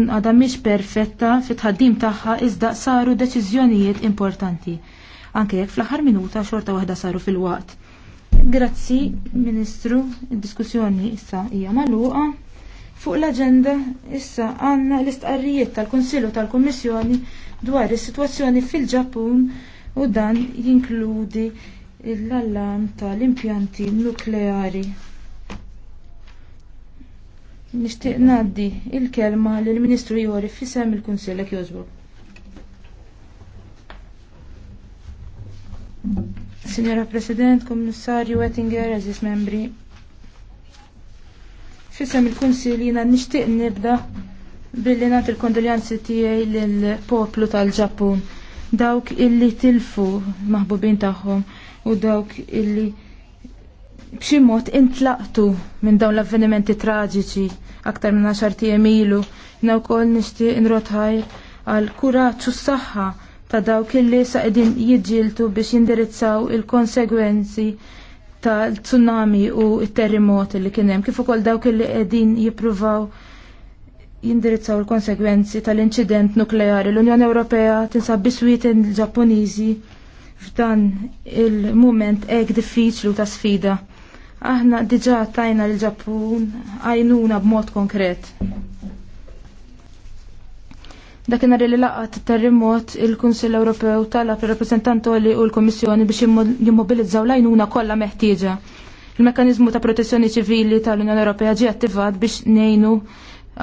għada mhix perfetta fit tħaddim tagħha iżda saru deċiżjonijiet importanti. Anke jekk fl-aħħar minuta xorta waħda saru fil-waqt. Grazzi, Ministru, id-diskussjoni issa hija magħluqa. Fuq l-aġenda issa għandna l-istqarrijiet tal-Konsillu tal-Kummissjoni dwar is-sitwazzjoni fil-Ġappun u dan jinkludi l-allarm tal-impjanti nukleari. Nixtieq ngħaddi l kelma lill ministru Jori fisem il-Kunsellek Jozbu. Signora President, Kommissarju Wettinger, Aziz Membri, fisem il-Kunsil jiena nixtieq nibda billi nagħti l-kondoljanzi tiegħi lill-poplu tal-Ġappun dawk illi tilfu maħbubin tagħhom u dawk illi b'xi mod intlaqtu minn dawn l-avvenimenti traġiċi aktar minn 10 ilu. Jina wkoll nixtieq inrotħaj għal kuraġġ u s-saħħa ta' dawk illi sa qegħdin jiġġieltu biex jindirizzaw il-konsegwenzi tal-tsunami u t terremot li kien hemm kif ukoll dawk illi qegħdin jippruvaw jindirizzaw il-konsegwenzi tal-inċident nukleari. L-Unjoni Ewropea tinsab biswiet il ġappuniżi f'dan il-moment ek diffiċlu ta' sfida. Aħna diġa tajna l-Ġappun għajnuna b'mod konkret. Dakin li laqat terremot il-Kunsill Ewropew talab il-rappresentanti li u l-Komissjoni biex jimmobilizzaw l-għajnuna kollha meħtieġa. Il-mekkanizmu ta' protezzjoni ċivili tal-Unjoni Ewropea ġie attivat biex nejnu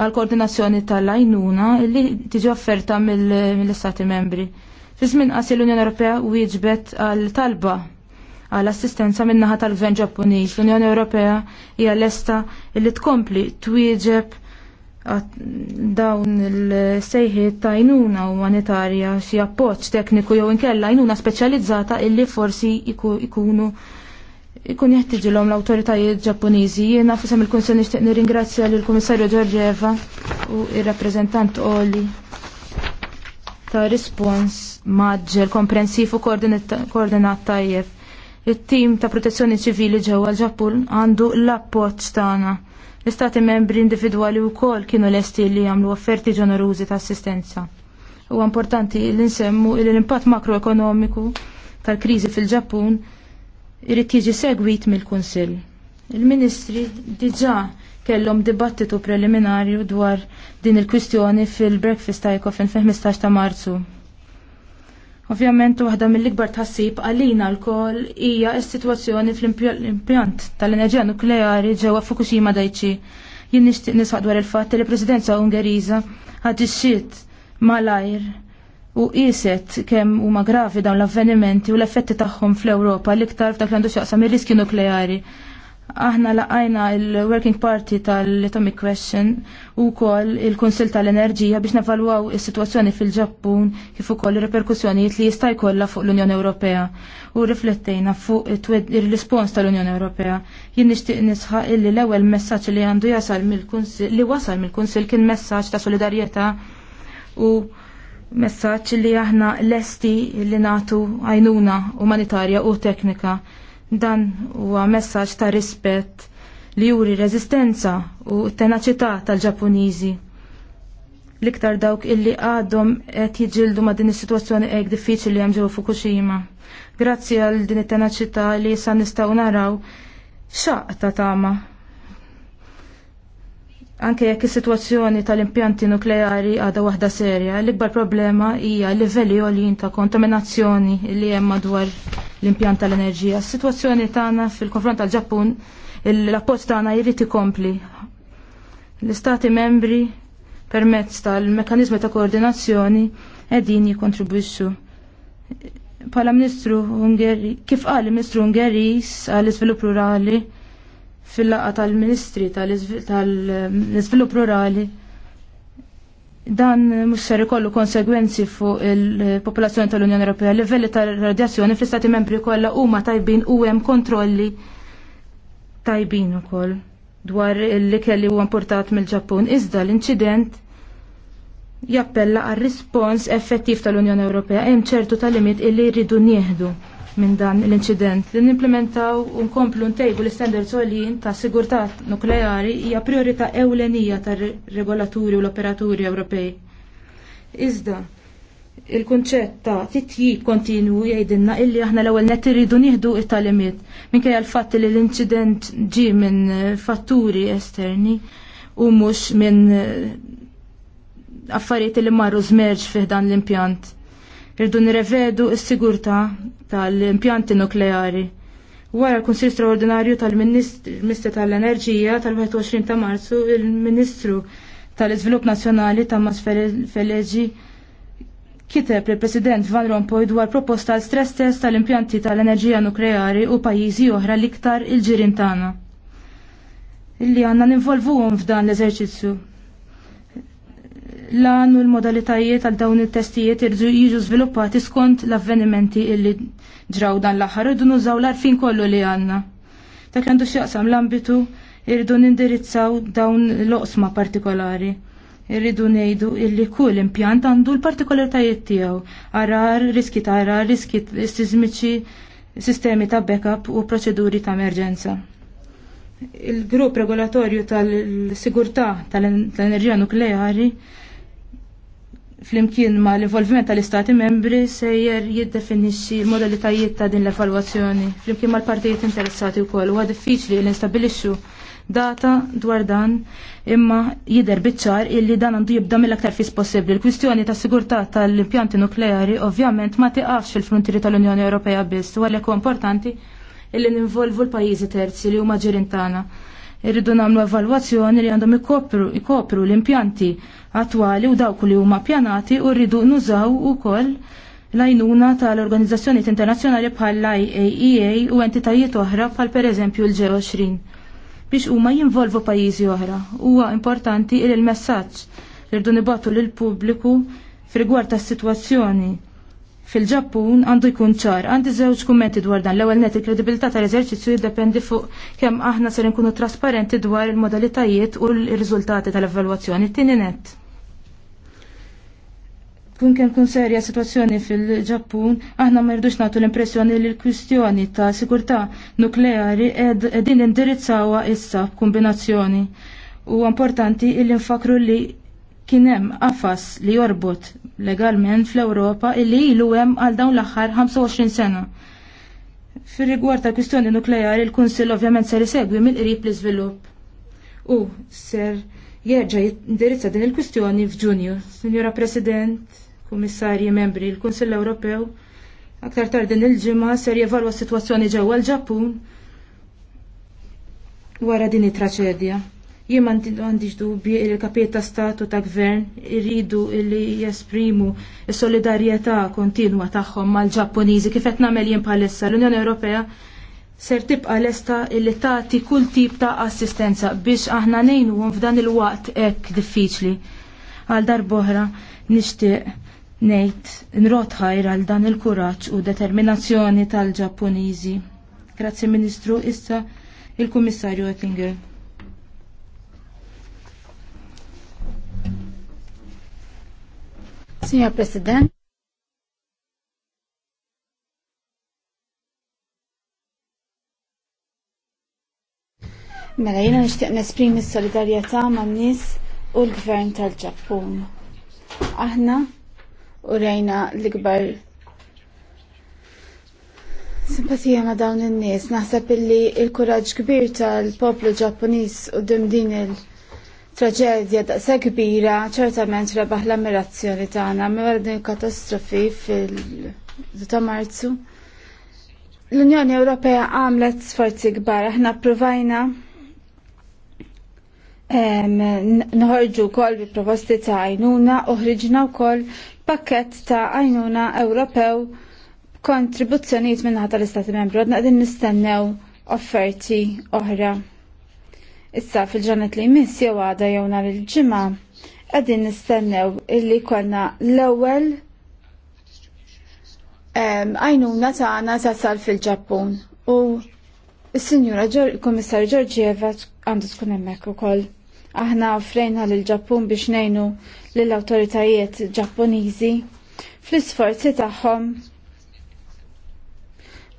għal koordinazzjoni tal lajnuna li tiġi offerta mill-Istati membri. Fi żmien qasi l-Unjoni Ewropea wieġbet għal talba għal assistenza minnaħa tal-Gvern Ġappuniż. L-Unjoni Ewropea hija lesta li tkompli twieġeb dawn il-sejħiet ta' għajnuna umanitarja xi appoġġ tekniku jew inkella għajnuna speċjalizzata illi forsi ikunu ikun jeħtiġilhom l-awtoritajiet Ġappuniżi. Jiena fisem il kunsell nixtieq nirringrazzja lill kummissarju Giorgieva u ir-rappreżentant Oli ta' rispons maġġel komprensiv u koordinat tajjeb it-tim ta' protezzjoni ċivili ġewwa l-Ġappun għandu l-appoġġ tagħna. L-istati membri individwali wkoll kienu lesti li jagħmlu offerti ġenerużi ta' assistenza. Huwa importanti li nsemmu li l-impatt makroekonomiku tal-kriżi fil-Ġappun irid jiġi segwit mill-Kunsill. Il-Ministri diġà kellhom dibattitu preliminarju dwar din il-kwistjoni fil-breakfast ta' Ecofin fil-15 ta' Marzu. Ovvjament waħda mill-ikbar tħassib għalina l-kol hija s-sitwazzjoni fl-impjant tal-enerġija nukleari ġewwa Fukushima Daiichi. Jien nixtieq nisħaq dwar il-fatt li l-Presidenza Ungeriża ħaġixxiet malajr u qiset kemm huma gravi dawn l-avvenimenti u l-effetti tagħhom fl-Ewropa l-iktar f'dak l-għandu xaqsam ir-riski nukleari aħna laqajna il-Working Party tal-Atomic Question u kol il-Konsil tal-Enerġija biex nevalwaw is-sitwazzjoni fil-Ġappun kif ukoll ir-reperkussjonijiet li jista' jkollha fuq l-Unjoni Ewropea u riflettejna fuq ir-rispons tal-Unjoni Ewropea. Jien nixtieq nisħaq illi l-ewwel messaġġ li għandu jasal mill konsil li wasal mill konsil kien messaġġ ta' solidarjetà u messaġġ li aħna lesti li nagħtu għajnuna umanitarja u teknika Dan huwa messaġġ ta' rispett li juri reżistenza u tenaċità tal-Ġappuniżi. L-iktar dawk illi għadhom qed jiġildu ma' din is-sitwazzjoni hekk diffiċli hemm ġew Fukushima. Grazzi għal din it-tenaċità li sa nistgħu naraw xaq ta' tama Anke jekk is-sitwazzjoni tal-impjanti nukleari għadha waħda serja, l-ikbar problema hija l livelli għolin ta' kontaminazzjoni li hemm madwar l-impjant tal-enerġija. Is-sitwazzjoni tagħna fil-konfront tal-Ġappun, l-appoġġ tagħna jrid ikompli. L-istati membri permezz tal-mekkaniżmi ta' koordinazzjoni qegħdin jikkontribwixxu. Pala Ministru Ungeri, kif qal il-Ministru Ungeris għall-iżvilupp rurali, fil laqgħa tal-Ministri tal-Iżvilupp Rurali dan mhux ser ikollu konsegwenzi fuq il-popolazzjoni tal-Unjoni Ewropea. Livelli tal-radjazzjoni fl-Istati Membri kollha huma tajbin u hemm kontrolli tajbin ukoll dwar il kelli li huwa importat mill-Ġappun. Iżda l-inċident jappella għal rispons effettiv tal-Unjoni Ewropea hemm ċertu tal-limit illi jridu nieħdu minn dan l-inċident. Li nimplementaw u nkomplu ntejbu l-standards għolin ta' sigurtà nukleari hija priorità ewlenija tar regolaturi u l-operaturi Ewropej. Iżda, il-kunċett ta' titjib kontinu jgħidilna illi aħna l-ewwel net irridu nieħdu it-talimiet minkejja l-fatt li l-inċident ġi minn fatturi esterni u mhux minn affarijiet li marru żmerġ fih dan l-impjant. Irdu nirrevedu s-sigurta tal-impjanti nukleari. Wara l konsil Straordinarju tal-Ministru tal-Enerġija tal-21 ta' Marzu, il-Ministru tal-Iżvilupp Nazzjonali Mas Feleġi kiteb li President Van Rompuy dwar proposta l stress test tal-impjanti tal-enerġija nukleari u pajjiżi oħra l-iktar il ġirintana tagħna. Illi għandna ninvolvuhom f'dan l-eżerċizzju l-għan u l-modalitajiet għal dawn il-testijiet irġu jiġu sviluppati skont l-avvenimenti illi ġraw dan l-aħħar irdu nużaw l-arfin kollu li għanna. Ta' kandu xjaqsam l-ambitu irridu nindirizzaw dawn l-oqsma partikolari. Irridu nejdu illi kull impjant għandu l-partikolaritajiet tiegħu. Arar, riski ta' arar, riski sismiċi, sistemi ta' backup u proċeduri ta' emerġenza il-grupp regolatorju tal-sigurtà tal-enerġija nukleari flimkien ma l-involviment tal-istati membri sejjer jiddefinixxi l-modalitajiet ta' din l-evalwazzjoni flimkien ma l-partijiet interessati wkoll huwa diffiċli li nstabilixxu data dwar dan imma jidher biċ-ċar illi dan għandu jibda mill-aktar fis possibbli. l kwistjoni ta' sigurtà tal-impjanti nukleari ovvjament ma tiqafx fil-frontieri tal-Unjoni Ewropea biss u li importanti illi ninvolvu l-pajjiżi terzi li huma ġirien tagħna irridu nagħmlu evalwazzjoni li għandhom ikopru l-impjanti attwali u dawk li huma pjanati u rridu nużaw ukoll l-għajnuna tal-organizzazzjoni internazzjonali bħal IAEA e u entitajiet oħra bħal pereżempju l-G20 biex huma jinvolvu pajjiżi oħra. Huwa importanti il-messaġġ li rridu nibatu lill pubbliku f'rigward tas-sitwazzjoni fil-Ġappun għandu jkun ċar. Għandi żewġ kummenti dwar dan. L-ewwel net il-kredibilità tal-eżerċizzju jiddependi fuq kemm aħna ser nkunu trasparenti dwar il-modalitajiet u l-riżultati tal-evalwazzjoni. Tieni net kun kem kun serja situazzjoni fil-ġappun, aħna ma jirdux natu l-impressjoni li l-kwistjoni ta' sigurtà nukleari ed din indirizzawa issa kombinazzjoni. U importanti il-infakru li kien hemm qafas li jorbot legalment fl-Ewropa illi ilu hemm għal dawn l-aħħar 25 sena. Fir-rigward ta' kwistjoni nukleari, l kunsill ovvjament ser isegwi mill-qrib l-iżvilupp. U ser jerġa' jindirizza din il-kwistjoni f'Ġunju. Sinjora President, Kummissarji Membri, l kunsill Ewropew, aktar tard din il-ġimgħa ser jevalwa s-sitwazzjoni ġewwa l-Ġappun wara din it-traċedja. Jien għandix dubi li kapiet ta' statu ta' gvern irridu li jesprimu s-solidarjetà kontinwa tagħhom mal-Ġappuniżi kif qed nagħmel jien bħalissa l-Unjoni Ewropea ser tibqa lesta li tagħti kull tip ta' assistenza biex aħna ngħinuhom f'dan il-waqt hekk diffiċli. Għal darb'oħra nixtieq ngħid nrot ħajr għal dan il-kuraġġ u determinazzjoni tal-Ġappuniżi. Grazzi Ministru, issa il-Kummissarju Oettinger. Signor President, Mela jiena nixtieq nesprimi s-solidarjetà man-nies u l-Gvern tal-Ġappun. Aħna u rejna l-ikbar simpatija ma' dawn in-nies. Naħseb illi l-kuraġġ kbir tal-poplu Ġappuniż u din il- traġedja daqsa kbira ċertament rebaħ l-ammirazzjoni tagħna minn din katastrofi fil ta' Marzu. L-Unjoni Ewropea għamlet sforzi kbar, aħna provajna nħorġu kol bi proposti ta' għajnuna uħriġna wkoll pakket ta' għajnuna Ewropew kontribuzzjonijiet minn ħata l-Istati membru għadna qegħdin nistennew offerti oħra Issa fil-ġanet li jmiss jew għada jew nhar il-ġimgħa qegħdin nistennew illi konna l-ewwel għajnuna tagħna tasal fil-Ġappun u s-Sinjura Kummissar Ġorġieva għandu tkun hemmhekk ukoll. Aħna offrejna lill ġappun biex ngħinu lill-awtoritajiet Ġappuniżi fl-isforzi tagħhom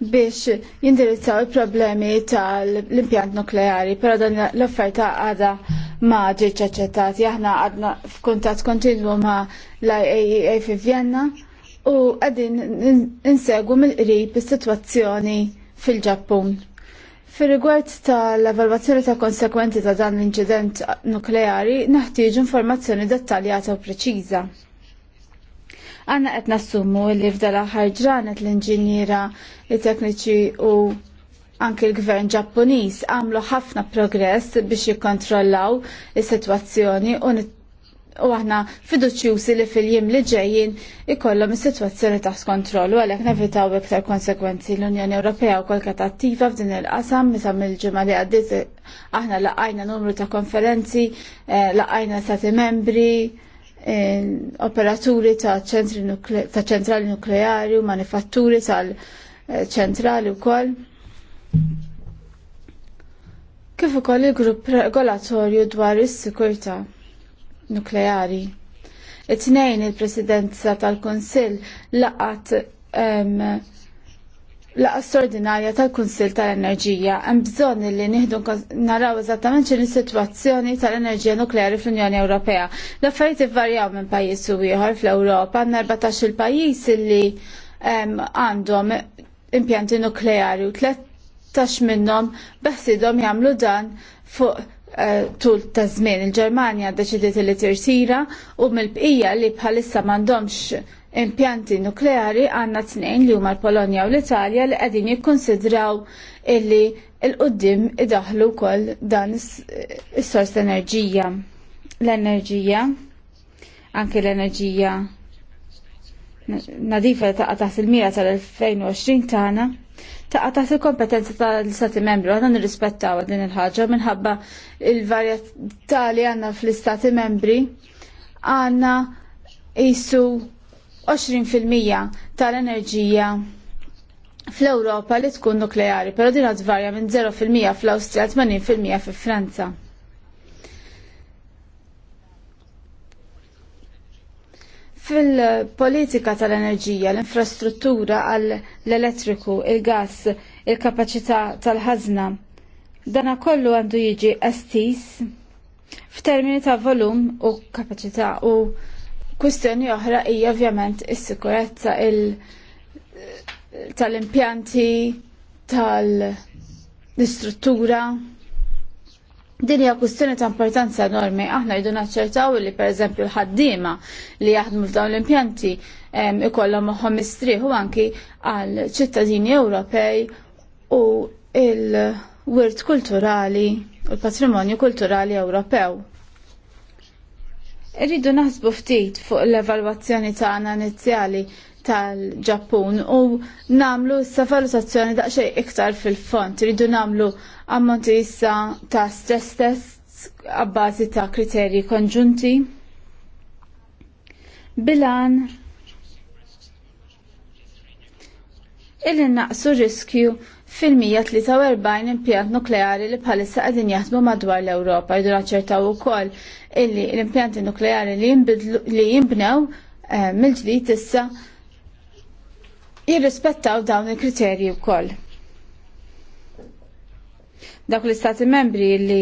biex jindirizzaw il-problemi tal-impjant nukleari, pero dan l-offerta għada ma ġiċ aċċettati. Aħna għadna f'kuntat kontinwu ma l-IAEA e fi Vienna u għadin insegu mill-qrib is-sitwazzjoni fil-Ġappun. Fil-rigward tal-evalwazzjoni ta' konsekwenti ta' dan l-inċident nukleari, naħtieġ informazzjoni dettaljata u preċiża. Għanna qed nassumu li f'dala ħarġranet l-inġiniera, il-tekniċi u anki l-gvern Ġappuniż għamlu ħafna progress biex jikkontrollaw is-sitwazzjoni u u aħna fiduċjusi li fil-jiem li ġejjin ikollhom is-sitwazzjoni ta' kontrollu għalhekk nevitaw iktar konsekwenzi l-Unjoni Ewropea wkoll kienet attiva f'din il-qasam misam mill-ġimgħa li għaddiet aħna laqajna numru ta' konferenzi, eh, laqajna stati membri Eh, operaturi ta' ċentrali nukleari u manifatturi tal-ċentrali eh, wkoll. Kif ukoll il-grupp regolatorju dwar is sikurta nukleari. It-tnejn il-Presidenza tal-Kunsill laqat Laqa straordinarja tal-Kunsil tal-Enerġija hemm bżonn li nieħdu naraw eżattament x'inhi sitwazzjoni tal-enerġija nukleari fl-Unjoni Ewropea. L-affarijiet ivarjaw minn pajjiż u ieħor fl-Ewropa, għandna 14 il-pajjiż li għandhom impjanti nukleari u 13 minnhom beħsidhom jagħmlu dan fuq eh, tul ta' żmien il-Ġermanja deċidiet li tirsira u mill-bqija li bħalissa m'għandhomx impjanti nukleari għanna tnejn li huma l-Polonja u l-Italja li qegħdin jikkonsidraw illi l-qudiem idaħlu wkoll dan is-sors eh, enerġija. L-enerġija anke l-enerġija nadifa taqa' taħt il-mira tal-2020 tagħna taqa' taħt il-kompetenza tal-Stati membru għandna nirrispettaw din il-ħaġa minħabba il-varjetà li għandna fl-Istati membri għandna isu 20% tal-enerġija fl-Ewropa li tkun nukleari, pero din tvarja minn 0% fl-Awstrija 80% fi Franza. Fil-politika tal-enerġija, l-infrastruttura għall-elettriku, il-gas, il-kapacità tal-ħazna, dana kollu għandu jiġi estis f'termini ta' volum u kapacità u Kwistjoni oħra hija ovvjament is-sikurezza tal-impjanti tal-istruttura. Din hija kwistjoni ta' importanza enormi. Aħna jdu naċċertaw li pereżempju l-ħaddiema li jaħdmu f'dawn l-impjanti ikollhom moħħom mistrieħu anki għal ċittadini Ewropej u il-wirt kulturali u l-patrimonju kulturali Ewropew. Irridu naħsbu ftit fuq l-evalwazzjoni tagħna inizjali tal-Ġappun u namlu issa valutazzjoni daqsxej iktar fil-font. Irridu namlu ammonti issa ta' stress tests għabbażi ta' kriterji konġunti. Bilan illi naqsu riskju fil-143 impjant nukleari li bħalissa qegħdin jaħdmu madwar l-Ewropa jdu u ukoll illi l-impjanti nukleari li jinbnew eh, mill-ġdid issa jirrispettaw dawn il-kriterji wkoll. Dak l-istati membri li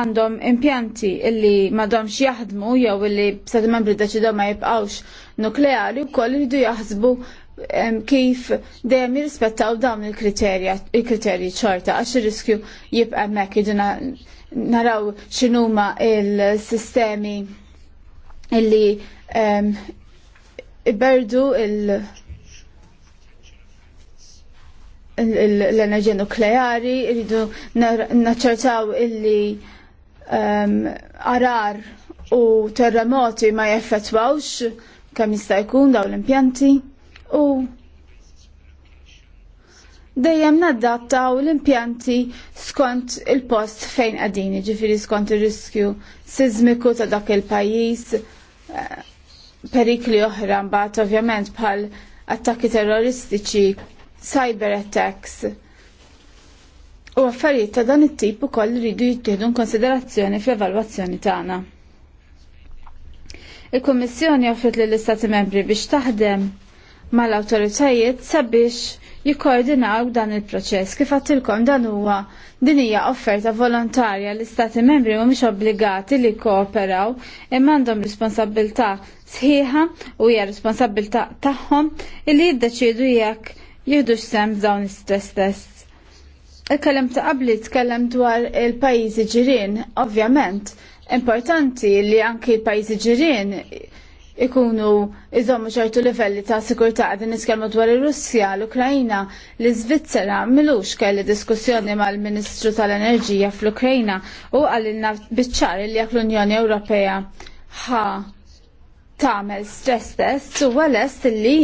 għandhom impjanti illi madomx jaħdmu jew illi stati membri deċidaw ma jibqawx nukleari wkoll jridu jaħsbu kif dejjem jirrispettaw dawn il-kriterja il-kriterji ċorta għax ir-riskju jibqa' hemmhekk jiġu naraw x'inhuma il-sistemi illi iberdu il- l-enerġija nukleari, rridu naċċertaw illi arar u terremoti ma jaffetwawx kemm jista' jkun dawn l-impjanti u dejjem naddattaw l-impjanti skont il-post fejn għadini ġifiri skont ir-riskju sizmiku ta' dak il-pajjiż, eh, perikli oħra mbagħad ovvjament bħal attakki terroristiċi, cyber attacks. U affarijiet ta' dan it-tip ukoll iridu jittieħdu konsiderazzjoni fl-evalwazzjoni tagħna. Il-Kummissjoni offret lill-Istati Membri biex taħdem mal-awtoritajiet sabiex jikkoordinaw dan il-proċess. Kif għattilkom dan huwa din hija offerta volontarja l istati membri mhumiex obbligati li kooperaw imma għandhom responsabilità sħiħa u hija responsabilità tagħhom illi jiddeċiedu jekk jieħdu x'semm dawn is-stress test. Ikkellem ta' qabli tkellem dwar il-pajjiżi ġirien, ovvjament, importanti li anki l-pajjiżi ġirien ikunu iżommu ċertu livelli ta' sikurtà din niskelmu dwar ir-Russja, l-Ukrajna, l-Iżvizzera milux kelli diskussjoni mal-Ministru tal-Enerġija fl-Ukrajna u għallinna biċċar li jekk l-Unjoni Ewropea ħa tagħmel stress test u għalest li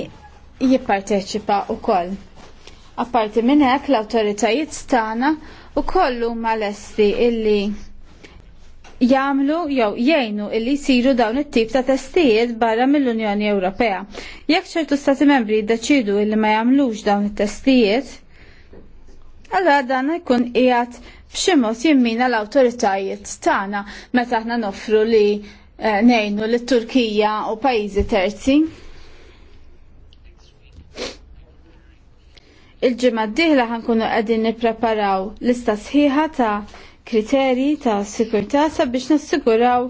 jipparteċipa wkoll. Apparti minn hekk l-awtoritajiet tagħna u kollu malesti lesti illi Jamlu jew jgħinu illi jsiru dawn it-tip ta' testijiet barra mill-Unjoni Ewropea. Jekk ċertu stati membri jiddeċidu illi ma jagħmlux dawn it-testijiet, allora dan jkun qiegħed b'xi mod jimmina l-awtoritajiet tagħna meta aħna noffru li eh, ngħinu lit-Turkija u pajjiżi terzi. il ġimgħa d dieħla ħankunu qegħdin nippreparaw lista sħiħa ta' kriterji ta' sikurtà sabiex nassiguraw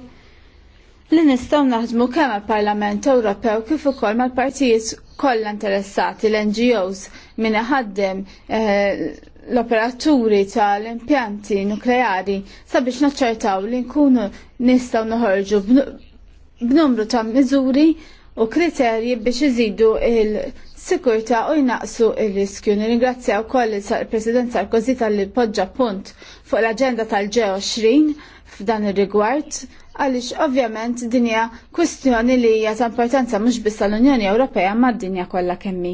li nistgħu naħdmu kemm il parlament Ewropew kif ukoll mal-partijiet kollha interessati l-NGOs min iħaddem eh, l-operaturi tal-impjanti nukleari sabiex naċċertaw li nkunu nistgħu noħorġu b'numru ta' miżuri u kriterji biex iżidu il- sikurta u jnaqsu il-riskju. Nirringrazzjaw koll il-President Sarkozy tal-li podġa punt fuq l-agenda tal-G20 f'dan ir-rigward għaliex ovvjament dinja kwestjoni li hija ta' importanza mhux biss tal-Unjoni Ewropea ma' dinja kollha kemmi.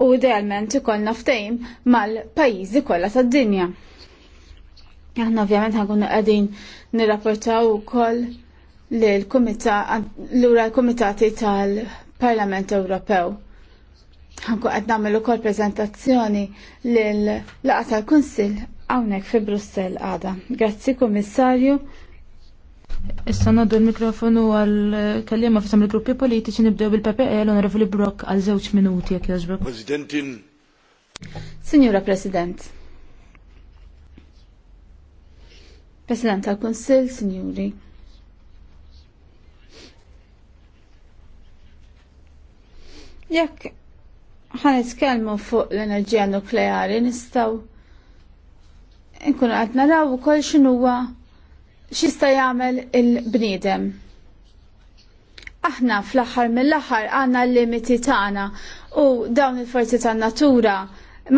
U idealment ikollna ftehim mal-pajjiżi kollha tad-dinja. Għanna ovvjament għagunna qegħdin nirrapportaw ukoll l-Kumitati tal-Parlament Ewropew ħanku għad namel ukoll prezentazzjoni l-laqa tal-Kunsil hawnhekk fi Brussel għada. Grazzi Kummissarju. Issa noddu l-mikrofonu għal kallima fissam il-gruppi politiċi nibdew bil-PPL e, onorevoli Brok għal żewġ minuti jekk jogħġbok. Presidentin. Signora President. President tal-Kunsil, Signori. Jekk ħan itkellmu fuq l-enerġija nukleari nistaw nkunu qed naraw ukoll x'inhuwa x'ista' jagħmel il-bniedem. Aħna fl-aħħar mill-aħħar għandna l-limiti tagħna u dawn il-forzi tan-natura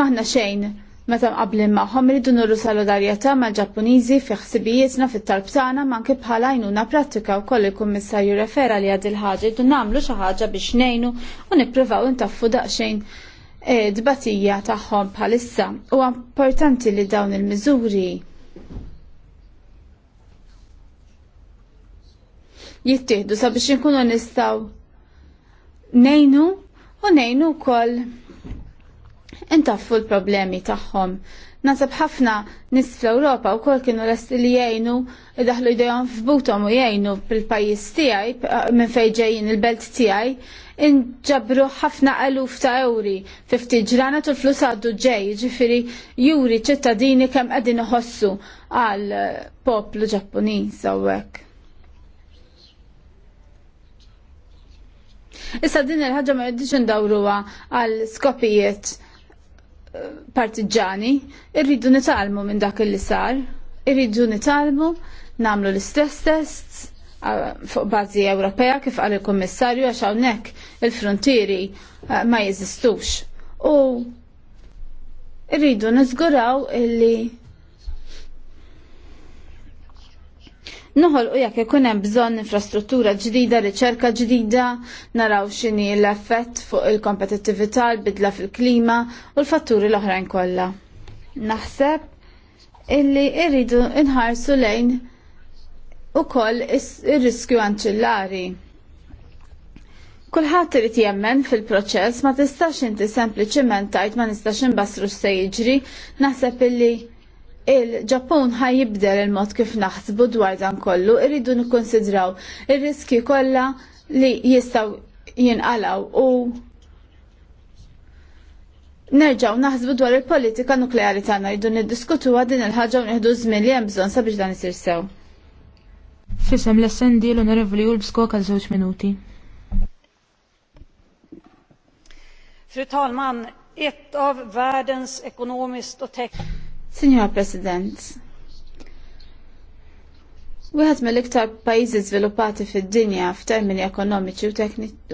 maħna xejn Meta mqablin magħhom ridu nurru solidarjetà mal-Ġappuniżi fi ħsibijietna fit-talb tagħna manki bħala għajnuna prattika wkoll il-Kummissarju refera li għad il-ħaġa jdu nagħmlu xi ħaġa biex ngħinu u nippruvaw intaffu daqsxejn e, dbatija tagħhom bħalissa. Huwa importanti li dawn il-miżuri jittieħdu sabiex inkunu nistgħu ngħinu u ngħinu wkoll intaffu l-problemi tagħhom. Nasab ħafna nis fl-Ewropa u kol kienu rest li jgħinu daħlu jdejhom f'butom u jgħinu fil-pajjiż tiegħi minn fejn ġejjin il-belt tiegħi inġabru ħafna għaluf ta' euri fi ftit ġrana tul flus għaddu ġej, ġifiri juri ċittadini kemm qegħdin iħossu għal poplu Ġappuniż sawwek. Issa din il ħagġa ma jiddiġ indawruha għal skopijiet partiġani, irridu nitalmu minn dak li sar, irridu nitalmu, namlu l-istess tests fuq bażi Ewropea kif għal il-Kummissarju għax hawnhekk il-frontieri ma jeżistux. U irridu niżguraw illi noħol u jekk ikun hemm bżonn infrastruttura ġdida, riċerka ġdida, naraw x'inhi l-effett fuq il-kompetittività, l-bidla fil-klima u l-fatturi l-oħrajn kollha. Naħseb illi irridu nħarsu lejn ukoll ir-riskju anċillari. Kulħadd irid jemmen fil-proċess ma tistax inti sempliċiment tajt ma nistax inbassru se jiġri, naħseb illi il-Ġappun ħaj jibdel il-mod kif naħsbu dwar dan kollu, irridu nikkonsidraw ir-riski kollha li jistaw jinqalaw u Nerġaw naħsbu dwar il-politika nukleari tagħna jridu niddiskutu din il-ħaġa u nieħdu żmien li hemm bżonn sabiex dan isir sew. Fisem l-essendi l-Onorevoli Ulbskok għal żewġ minuti. Fru talman, ett av världens ekonomiskt och tekniskt Signora President, Wieħed mill-iktar pajjiżi żviluppati fid-dinja f'termini ekonomiċi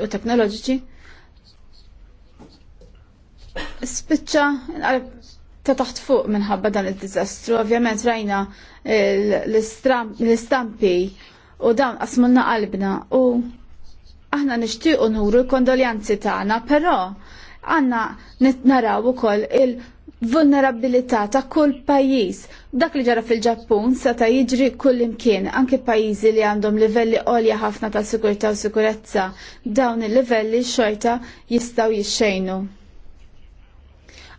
u teknoloġiċi spiċċa ta' taħt fuq minħabba dan id-diżastru. Ovvjament rajna l-istampi u dawn qasmulna qalbna u aħna nixtiequ nuru l-kondoljanzi tagħna, però għandna naraw ukoll il- vulnerabilità ta' kull pajjiż. Dak li ġara fil-Ġappun seta' jiġri kull imkien, anke pajjiżi li għandhom livelli għolja ħafna ta' sigurtà u sikurezza, dawn il-livelli xorta jistgħu jixxejnu.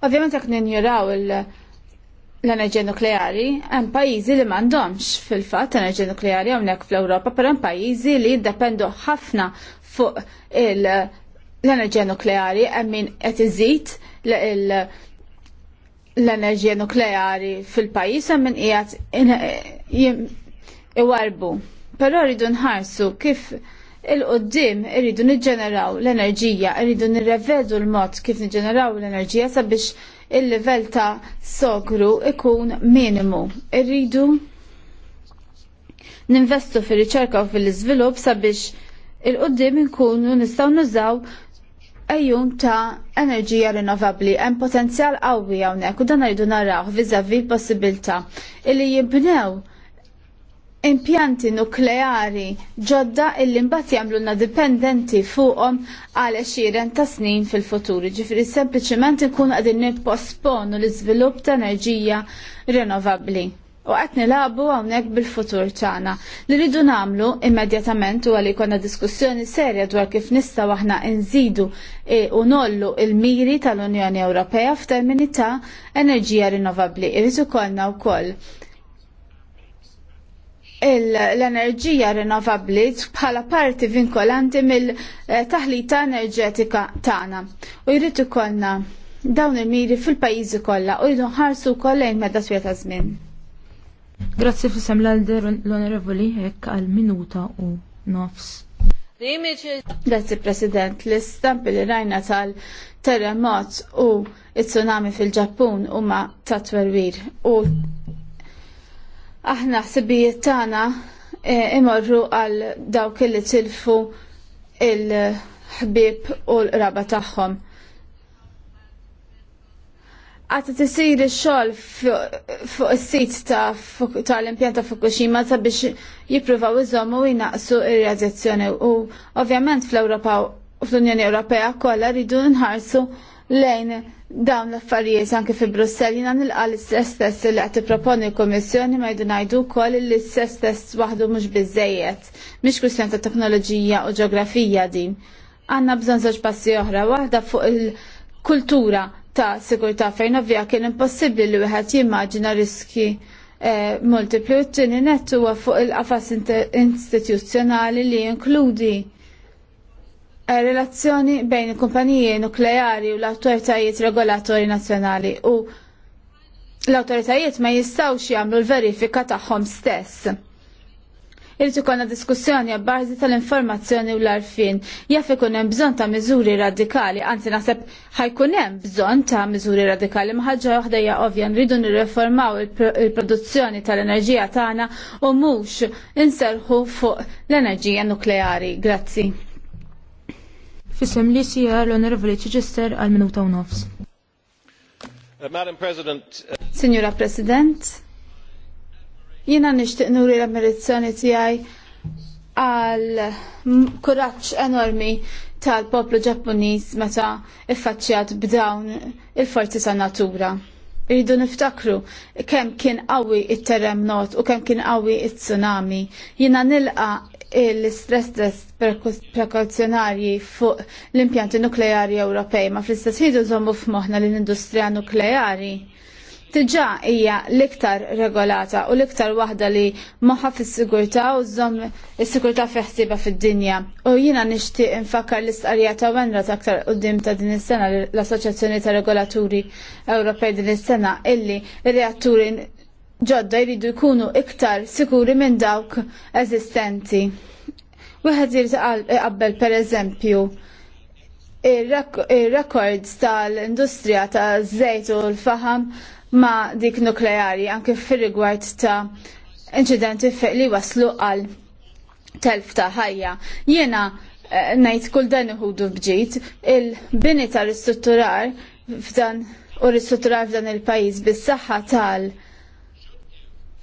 Ovvjament jekk ninjuraw l-enerġija nukleari, hemm pajjiżi li m'għandhomx fil-fatt enerġija nukleari hawnhekk fl-Ewropa, però hemm pajjiżi li jiddependu ħafna fuq l-enerġija nukleari hemm min qed iżid l-enerġija nukleari fil-pajis minn qiegħed iwarbu. Però rridu nħarsu kif il-qoddim irridu niġġeneraw l-enerġija, rridu nirrevedu l-mod kif niġġeneraw l-enerġija sabiex il-level ta' sogru ikun minimu. Irridu ninvestu fil-riċerka u fil-iżvilupp sabiex il-qoddim nkunu nistgħu nużaw ejjum ta' enerġija rinnovabli hemm potenzjal qawwi hawnhekk u dan rridu naraw viżavi l-possibilità li jibnew impjanti nukleari ġodda illi mbagħad jagħmluna dipendenti fuqhom għal għexieren ta' snin fil-futur. Ġifieri sempliċement inkunu qegħdin nipposponu l-iżvilupp ta' enerġija rinnovabbli u qed nilabu hawnhekk bil-futur tagħna. Li rridu nagħmlu immedjatament u għalli konna diskussjoni serja dwar kif nistgħu aħna nżidu e u nollu il-miri tal-Unjoni Ewropea f'termini ta' enerġija rinnovabbli. Irrid ukollna wkoll l-enerġija rinnovabbli bħala parti vinkolanti mill-taħlita enerġetika tagħna. U jrid ikollna dawn il-miri fil-pajjiżi kollha u jridu nħarsu kollha lejn twieta tweta żmien. Grazzi fisem l-alder l-onorevoli hekk għal minuta u nofs. Grazzi President, l-istampi li rajna tal-terremot u il-tsunami fil-ġappun u ma ta' twerwir. U aħna ħsibijiet tagħna e, imorru għal dawk li tilfu il-ħbib u l-raba tagħhom għatta t-sir xol fuq s sit ta' l-impjant ta' Fukushima sabiex jipruvaw iżommu u jnaqsu ir-radjazzjoni u ovvjament fl-Europa u fl-Unjoni Ewropea kollha rridu nħarsu lejn dawn l-affarijiet anke fi Brussell jina nilqa l-istess test li qed tipproponi l-Kummissjoni ma jdu ngħidu wkoll l-istess test waħdu mhux biżejjed. Mhix kwistjoni ta' teknoloġija u ġeografija din. Għanna bżonn żewġ passi oħra, waħda fuq il-kultura ta' sigurtà fejn ovvja kien impossibbli li wieħed jimmaġina riski eh, multipli u t-tieni nettu fuq il-qafas istituzzjonali li jinkludi eh, relazzjoni bejn il-kumpaniji nukleari u l-awtoritajiet regolatori nazzjonali u l-awtoritajiet ma jistawx jagħmlu l-verifika tagħhom stess Irid konna diskussjoni għabbażi tal-informazzjoni u l-arfin. Jaff ikun hemm bżonn ta' miżuri radikali, anzi naħseb ħajkun hemm bżonn ta' miżuri radikali ma' ħaġa waħda hija ovvja nridu nirreformaw il-produzzjoni tal-enerġija tagħna u mhux inserħu fuq l-enerġija nukleari. Grazzi. Fisem li sija l-Onorevoli Chichester għal minuta u nofs. Uh, Madam President. Uh, Signora President. Jiena nixtieq nuri l-ammirazzjoni tiegħi għal kuraġġ enormi tal-poplu Ġappuniż meta iffaċċjat b'dawn il-forzi tan natura. Irridu niftakru kemm kien qawwi it-terremot u kemm kien qawwi it-tsunami. Jiena nilqa l-istress test prekauzjonarji fuq l-impjanti nukleari Ewropej ma fl-istess ħidu nżommu f'moħħna l-industrija nukleari diġà hija l-iktar regolata u l-iktar waħda li moħħa fis-sigurtà u zom is-sigurtà fiħsiba fid-dinja. U jiena nixtieq infakkar l istqarija ta' wendra ta' u qudiem ta' din is-sena l-Assoċjazzjoni ta' Regolaturi Ewropej din is-sena illi il reatturi ġodda jridu jkunu iktar sikuri minn dawk eżistenti. Wieħed irid per pereżempju il-records tal-industrija ta' żejt u l-faham ma' dik nukleari anke fir-rigward ta' inċidenti li waslu għal telf ta' ħajja. Jiena eh, ngħid kull dan iħudu bġid il-bini tal-istrutturar f'dan u ristrutturar f'dan il-pajjiż bis-saħħa tal- -istrutturar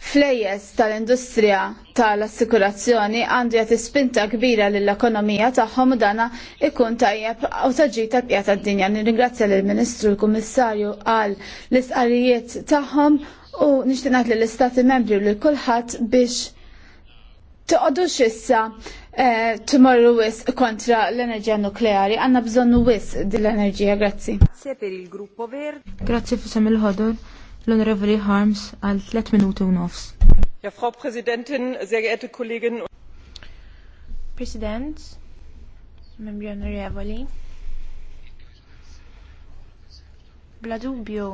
flejjes tal-industrija tal-assikurazzjoni għandu jagħti spinta kbira lill-ekonomija tagħhom u dana ikun tajjeb u taġi tal-bqija tad-dinja. Nirringrazzja lill-Ministru l-Kummissarju għal l-istqarijiet tagħhom u nishtinat l istati Membri u lil kulħadd biex toqgħodux issa eh, tmorru wis kontra l-enerġija nukleari. Għandna bżonnu wis din l-enerġija, grazzi. Grazie per il gruppo Verde. Grazie f'isem il-ħodor l-Onorevoli Harms għal 3 minuti u nofs. Ja, Frau Präsidentin, sehr geehrte Kolleginnen und President, membri onorevoli, bla dubju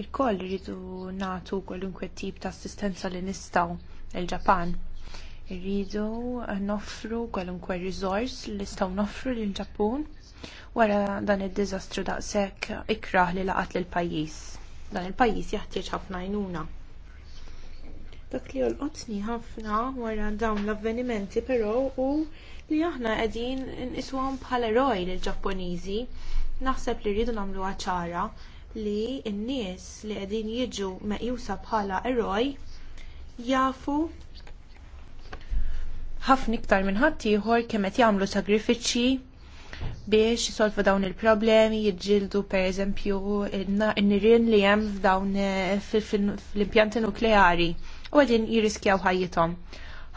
il-koll rridu natu kwalunkwe tip ta' assistenza li nistaw il-Ġapan. Irridu noffru kwalunkwe rizors li nistaw noffru l-Ġapun wara dan id-dizastru daqshekk ikraħ li laqat lill pajjiż dan il-pajjiż jaħtieġ ħafna għajnuna. Dak li jolqotni ħafna wara dawn l-avvenimenti però u li aħna qegħdin nqiswhom bħala eroj lill ġappuniżi Naħseb li rridu nagħmlu ċara li n-nies li qegħdin jiġu meqjusa bħala eroj jafu ħafna iktar minn ħadd ieħor kemm qed jagħmlu sagrifiċċji biex jisolfu dawn il-problemi, jidġildu per eżempju n-nirin li jem f'dawn eh, fl-impjanti nukleari u għedin jiriskjaw ħajjitom.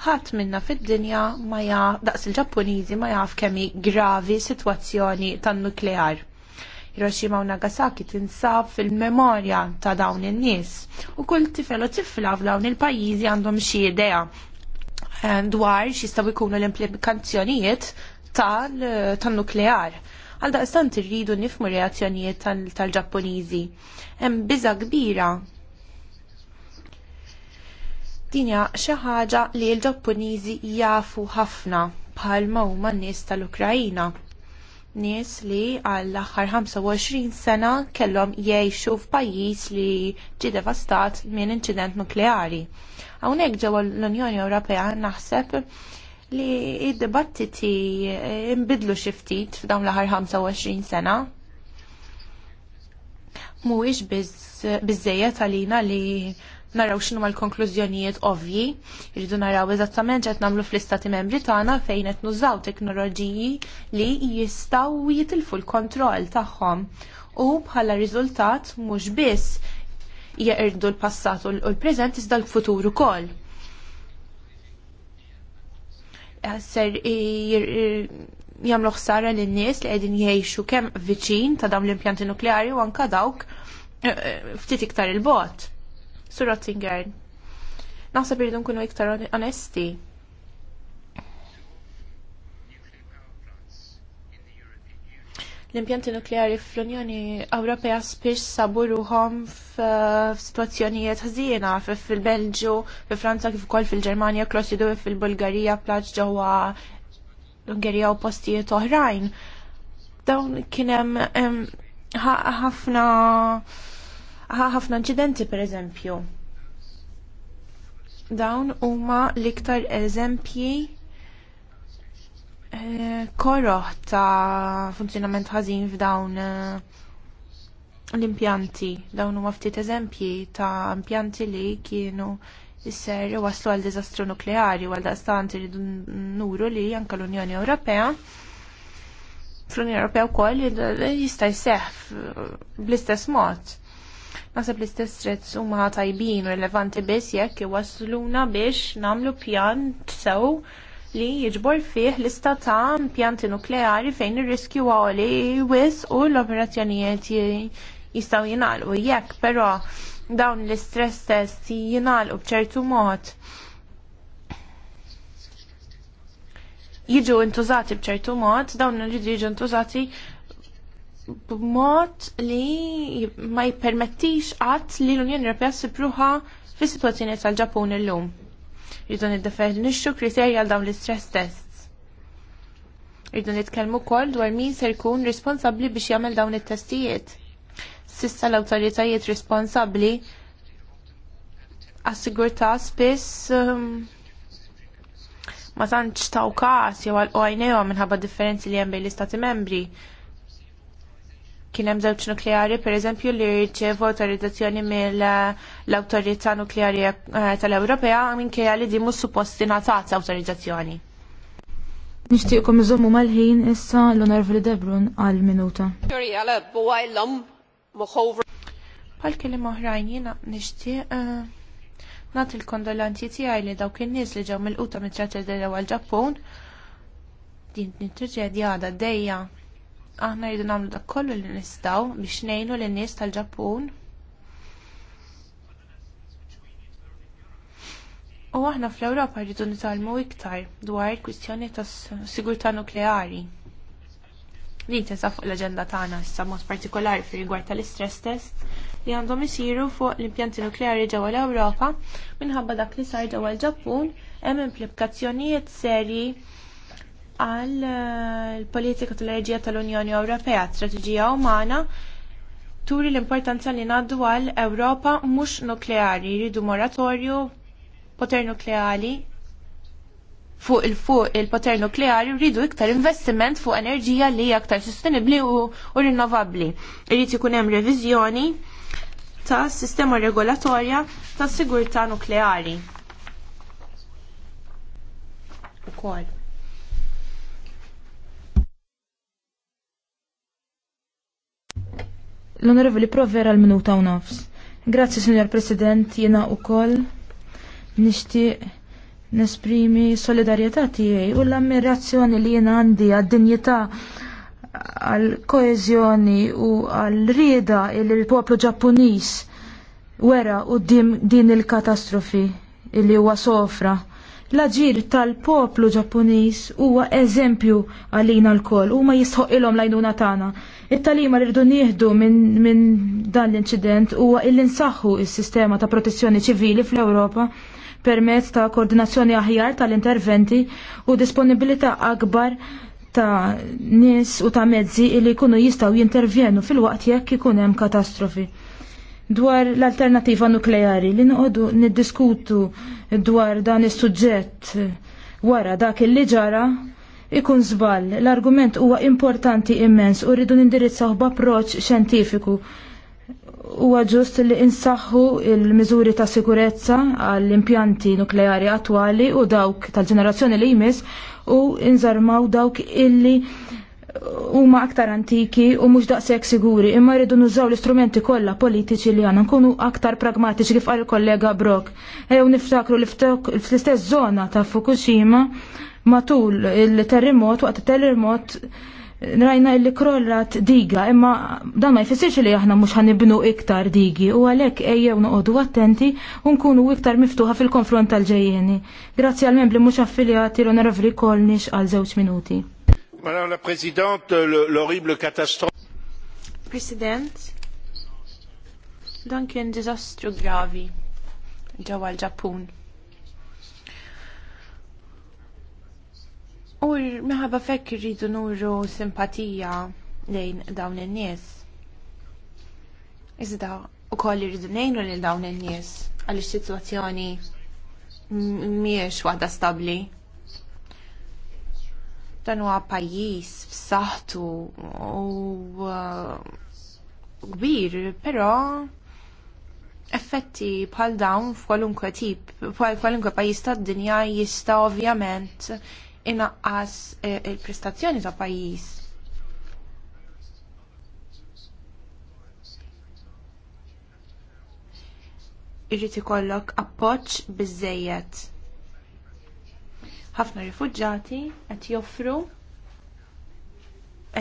Ħadd minna fid-dinja ma jaf daqs il-Ġappuniżi ma jaf kemmi gravi sitwazzjoni tan-nuklear. Hiroshima u Nagasaki tinsab fil-memorja ta' dawn in-nies. U kull tifel u tifla f'dawn il-pajjiżi għandhom xi idea eh, dwar x'jistgħu jkunu l-implikazzjonijiet tal-nuklear. Għal daqstant irridu nifmu reazzjonijiet tal-Ġappuniżi. Hemm biża kbira Dinja xi ħaġa li l-Ġappuniżi jafu ħafna bħalma huma n-nies tal-Ukrajina nies li għall aħħar 25 sena kellhom jgħixu f'pajjiż li ġie devastat minn inċident nukleari. Hawnhekk ġewwa l-Unjoni Ewropea naħseb li id-dibattiti eh, imbidlu xiftit f'dawn l-aħħar 25 sena. Mhuwiex biżejjed għalina li naraw x'inhu l-konklużjonijiet ovvji, irridu naraw eżattament qed nagħmlu fl-istati membri tagħna fejn qed nużaw teknoloġiji li jistgħu jitilfu l-kontroll tagħhom u bħala riżultat mhux biss jeqirdu l-passat u l-preżent iżda l-futur ukoll ser jagħmlu ħsara lin nies li qegħdin jgħixu kemm viċin ta' dawn l-impjanti nukleari u anka dawk eh, eh, ftit iktar il-bot. Sur Rottinger, naħseb irridu nkunu iktar onesti. L-impjanti nukleari fl-Unjoni Ewropea spiss sabu f f'sitwazzjonijiet ħżina fil-Belġu, fil-Franza kif ukoll fil-Ġermanja, krosidu fil-Bulgarija, plaċ ġewwa l-Ungerija u postijiet oħrajn. Dawn kien hemm ħafna ħafna inċidenti pereżempju. Dawn huma l-iktar eżempji Eh, korroħ ta' funzjonament ħażin f'dawn eh, l-impjanti. Dawn huma ftit eżempji ta' impjanti li kienu jisser waslu għal diżastru nukleari għal daqstant iridu nuru li anke l-Unjoni Ewropea fl-Unjoni Ewropea wkoll jista' jseħħ bl-istess mod. Naħseb l-istess strezz huma tajbin u rilevanti biss jekk iwassluna biex nagħmlu pjan sew so, li jiġbor fih lista ta' impjanti nukleari fejn ir-riskju għoli wis u l-operazzjonijiet jistaw jinalqu jekk, però dawn l-istress test jinalqu bċertu mod. Jiġu intużati bċertu mod, dawn irridu jiġu intużati b'mod li ma jipermettix qatt li l-Unjoni Ewropea sipruħa fis situazzjoni tal-Ġapun illum. Irridu niddefinixxu kriterja għal dawn l-istress tests. Irridu nitkellmu wkoll dwar min se jkun responsabbli biex jagħmel dawn it-testijiet. Sissa l-awtoritajiet responsabbli għas-sigurtà spiss um, ma tantx taw każ jew għal minħabba differenzi li hemm bejn l-istati membri kien hemm żewġ nukleari pereżempju li rċevu awtorizzazzjoni mill-Awtorità Nukleari eh, tal-Ewropea minkejja li din mhux supposti ngħatat awtorizzazzjoni. Nixtieqkom iżommu mal-ħin issa l onorvoli Debrun għal minuta. Bħal kelim oħrajn jiena nixtieq eh, nagħti l-kondolanzi tiegħi li dawk in-nies li ġew mill-quta mit-traċedja għal Ġappun din it traġedja għadha dejja aħna jridu nagħmlu dak kollu li nistgħu biex ngħinu lin nies tal-Ġappun. U aħna fl-Ewropa rridu nitalmu iktar dwar il-kwistjoni tas-sigurtà nukleari. Din tesa' fuq l-aġenda tagħna issa mod partikolari fir rigward tal-istress test li għandhom isiru fuq l-impjanti nukleari ġewwa l-Ewropa minħabba dak li sar ġewwa l-Ġappun hemm implikazzjonijiet serji għal eh, politika tal-enerġija tal-Unjoni Ewropea, strateġija umana, turi l-importanza li naddu għal Ewropa mhux nukleari, jridu moratorju, poter nukleari, fuq il-fuq il-poter nukleari rridu iktar investiment fuq enerġija li hija aktar sostenibbli u, u rinnovabbli. Irrid ikun hemm reviżjoni ta' sistema regolatorja ta' sigurtà nukleari. Ukoll. L-Onorevoli Provera l-minuta u nofs. Grazzi, Signor President, jena u koll nishti nesprimi solidarjetà tiegħi u l-ammirazzjoni li jena għandi għad-dinjità għal-koezjoni u għal-rieda il-poplu Ġappuniż wera u din il-katastrofi li huwa sofra. L-aġir tal-poplu Ġappuniż huwa eżempju għalina l-koll, huma jistħoq ilhom lajnuna tagħna. It-talima li rridu nieħdu minn dan l-inċident huwa illi nsaħħu s-sistema ta' protezzjoni ċivili fl-Ewropa permezz ta' koordinazzjoni aħjar tal-interventi u disponibilità akbar ta' nies u ta' mezzi li jkunu jistgħu jintervjenu fil-waqt jekk ikun hemm katastrofi dwar l-alternativa nukleari li nqodu niddiskutu dwar dan is-suġġett wara dak li ġara ikun żball. L-argument huwa importanti immens u rridu nindirizzaw b'approċċ xjentifiku. Huwa ġust li insaħħu il-miżuri ta' sikurezza għall-impjanti nukleari attwali u dawk tal-ġenerazzjoni li jmiss u inżarmaw dawk illi huma aktar antiki u mhux daqshekk siguri, imma rridu nużaw l-istrumenti kollha politiċi li għandna nkunu aktar pragmatiċi kif qal il-kollega Brok. Ew niftakru li fl-istess żona ta' Fukushima matul il-terremot waqt il-terremot rajna li krollat diga, imma dan ma jfissirx li aħna mhux ħanibnu iktar digi u għalhekk ejjew noqogħdu attenti u nkunu iktar miftuħa fil-konfront tal-ġejjeni. Grazzi għal membri mhux affiljati l-onorevoli Kolnix għal żewġ minuti. Madame la Présidente, l'horrible catastrophe. President, dan kien diżastru gravi ġewwa l-Ġappun. U minħabba fekk irridu nuru simpatija lejn dawn in-nies. Iżda wkoll irridu ngħinu lil dawn in-nies għaliex sitwazzjoni mhijiex waħda stabbli dan huwa pajjiż f'saħħtu u uh, kbir, però effetti bħal dawn f'kwalunkwe tip, f'kwalunkwe pajjiż tad-dinja jista' ovvjament inaqqas eh, il-prestazzjoni ta' pajjiż. Irrid ikollok appoġġ biżżejjed ħafna rifugġati qed joffru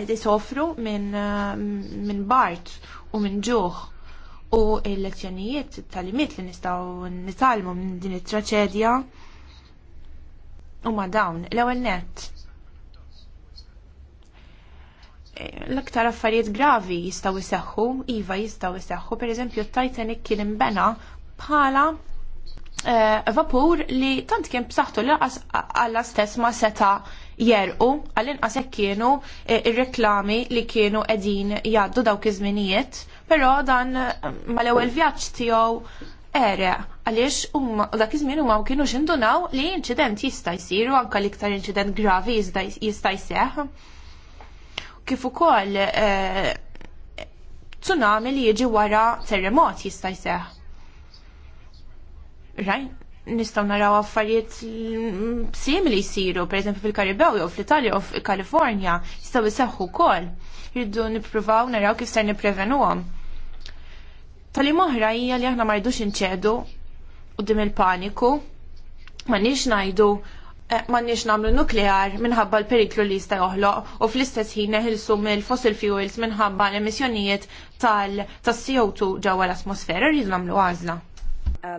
qed isofru minn eh, min bart u minn ġuħ u l-lezzjonijiet tal-imiet li nistgħu nitalmu minn din it-traċedja huma dawn l-ewwel nett. L-aktar affarijiet gravi jistgħu iseħħu, iva jistgħu jseħħu, pereżempju t-Titanic kien imbena bħala Eh, vapur li tant kien b'saħħtu laqas għalla stess ma seta jerqu għall-inqas hekk kienu eh, ir-reklami li kienu qegħdin jgħaddu dawk iż-żminijiet, però dan eh, mal-ewwel vjaġġ tiegħu ere għaliex huma dak iż-żmien huma kienu xindunaw li inċident jista' jsir u anke l-iktar inċident gravi jista' jseħħ. Kif ukoll tsunami li jiġi wara terremot jista' jseħħ rajn nistaw naraw affarijiet simili jisiru, per eżempju fil-Karibew jew fl-Italja jew fil-Kalifornja, jistgħu jisaxħu wkoll. Jiddu nippruvaw naraw kif ser nipprevenuhom. Tali moħra hija li aħna ma rridux inċedu qudiem il-paniku, ma nix ngħidu eh, ma nix namlu nuklear minħabba l-periklu li jista' joħloq u fl-istess ħin neħilsu mill-fossil fuels minħabba l-emissjonijiet tal-CO2 ġewwa l-atmosfera rridu nagħmlu għażla. Eh,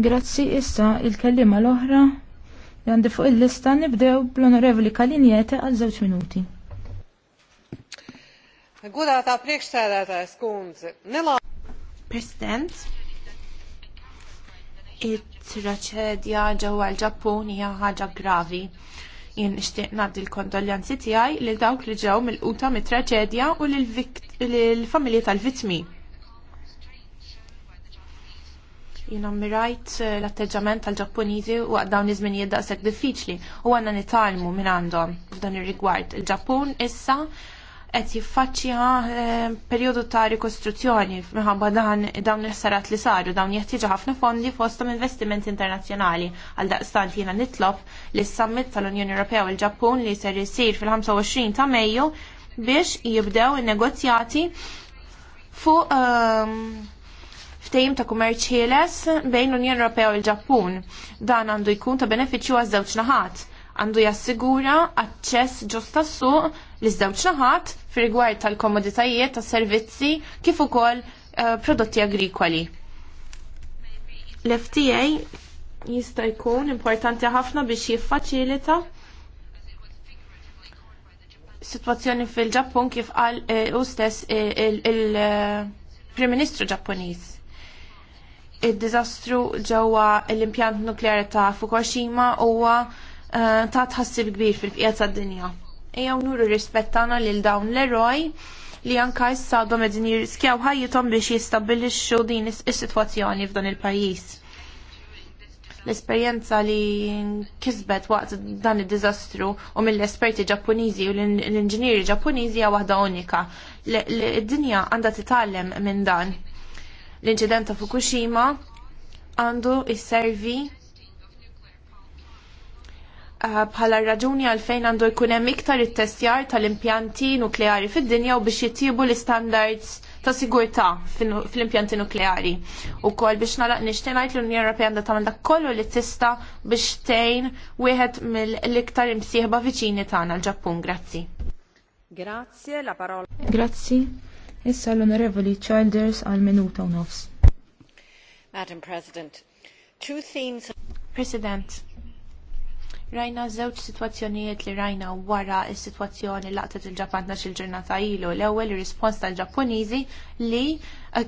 Grazzi issa il-kellima l-oħra li għandi fuq il-lista nibdew bl-Onorevoli Kalinjete għal żewġ minuti. Gudata priekšsēdētājs kundze, nelā... President, it-traċedja ġewwa l-Ġappun hija ħaġa gravi. Jien nixtieq ngħaddi l-kondoljanzi tiegħi lil dawk li ġew mill-quta mit-traċedja u lill-familji tal-vittmi. Jina mirajt eh, l-atteġġament tal-Ġappuniżi u dawn iż-żminijiet daqshekk diffiċli u għandna nitalmu minn għandhom f'dan ir-rigward. Il-Ġappun issa qed jiffaċċja eh, perjodu ta' rikostruzzjoni minħabba dan dawn il sarat li saru dawn jeħtieġu ħafna fondi fosthom investimenti internazzjonali għal daqstant jiena nitlob lis summit tal-Unjoni Ewropea u l-Ġappun li ser isir fil-25 ta' Mejju biex jibdew in-negozjati fuq ehm, ftejim ta' kummerċ ħieles bejn l-Unjoni Ewropea u l-Ġappun. Dan għandu jkun ta' benefiċċju għaż-żewġ naħat. Għandu jassigura aċċess ġust tas-suq l żewġ naħat fir-rigward tal-komoditajiet, ta' servizzi kif ukoll uh, prodotti agrikoli. L-FTA jista' jkun importanti ħafna biex jiffaċilita situazzjoni fil-Ġappun kif qal eh, u stess eh, il-Prim Ministru Ġappuniż id-diżastru ġewwa l-impjant nukleari ta' Fukushima huwa eh, ta' tħassib kbir fil-fqija tad-dinja. Ejja nuru rispettana lil dawn l-eroj li anka issa għadhom qegħdin jirriskjaw ħajjithom biex jistabbilixxu din is-sitwazzjoni f'dan il-pajjiż l esperjenza li kisbet waqt dan id-dizastru u mill-esperti ġappuniżi u l-inġinieri ġappuniżi hija waħda unika. Id-dinja għandha titgħallem minn dan l-inċident ta' Fukushima għandu jisservi eh, bħala raġuni għalfejn għandu jkun hemm iktar it-testjar tal-impjanti nukleari fid-dinja u biex jittibu l-standards ta' sigurtà fl-impjanti nukleari. U kol biex nalaq nishtenajt l-Unjoni Ewropea għandha tagħmel dak kollu li tista biex tgħin wieħed mill-iktar imsieħba viċini tagħna l-Ġappun. Grazzi. Grazie, la parola. Grazzi. Issa l-Onorevoli Childers għal minuta u nofs. Madam President, two themes... President, rajna żewġ sitwazzjonijiet li rajna wara s sitwazzjoni laqtet il-Ġapan ta' xil-ġurnata ilu. L-ewwel ir-rispons tal-Ġappuniżi li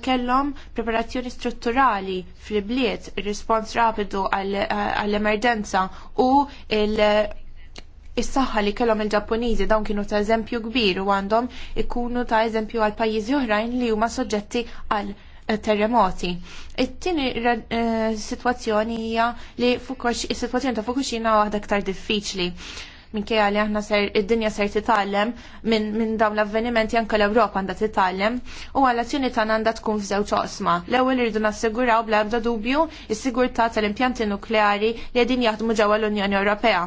kellhom preparazzjoni strutturali fl-bliet, ir-rispons rapidu eh, għall-emerġenza u il- Is-saħħa li kellhom il-Ġappuniżi dawn kienu ta' eżempju kbir u għandhom ikunu ta' eżempju għal pajjiżi oħrajn li huma soġġetti għal eh, terremoti. It-tieni eh, sitwazzjoni hija li is-sitwazzjoni ta' Fukushima waħda aktar diffiċli minkejja li aħna ser id-dinja ser titgħallem minn min dawn l-avvenimenti anke l-Ewropa għandha titgħallem u għall-azzjoni tagħna għandha tkun f'żewġ oqsma. L-ewwel irridu nassiguraw bla ebda dubju s-sigurtà tal-impjanti nukleari li qegħdin jaħdmu ġewwa l-Unjoni Ewropea.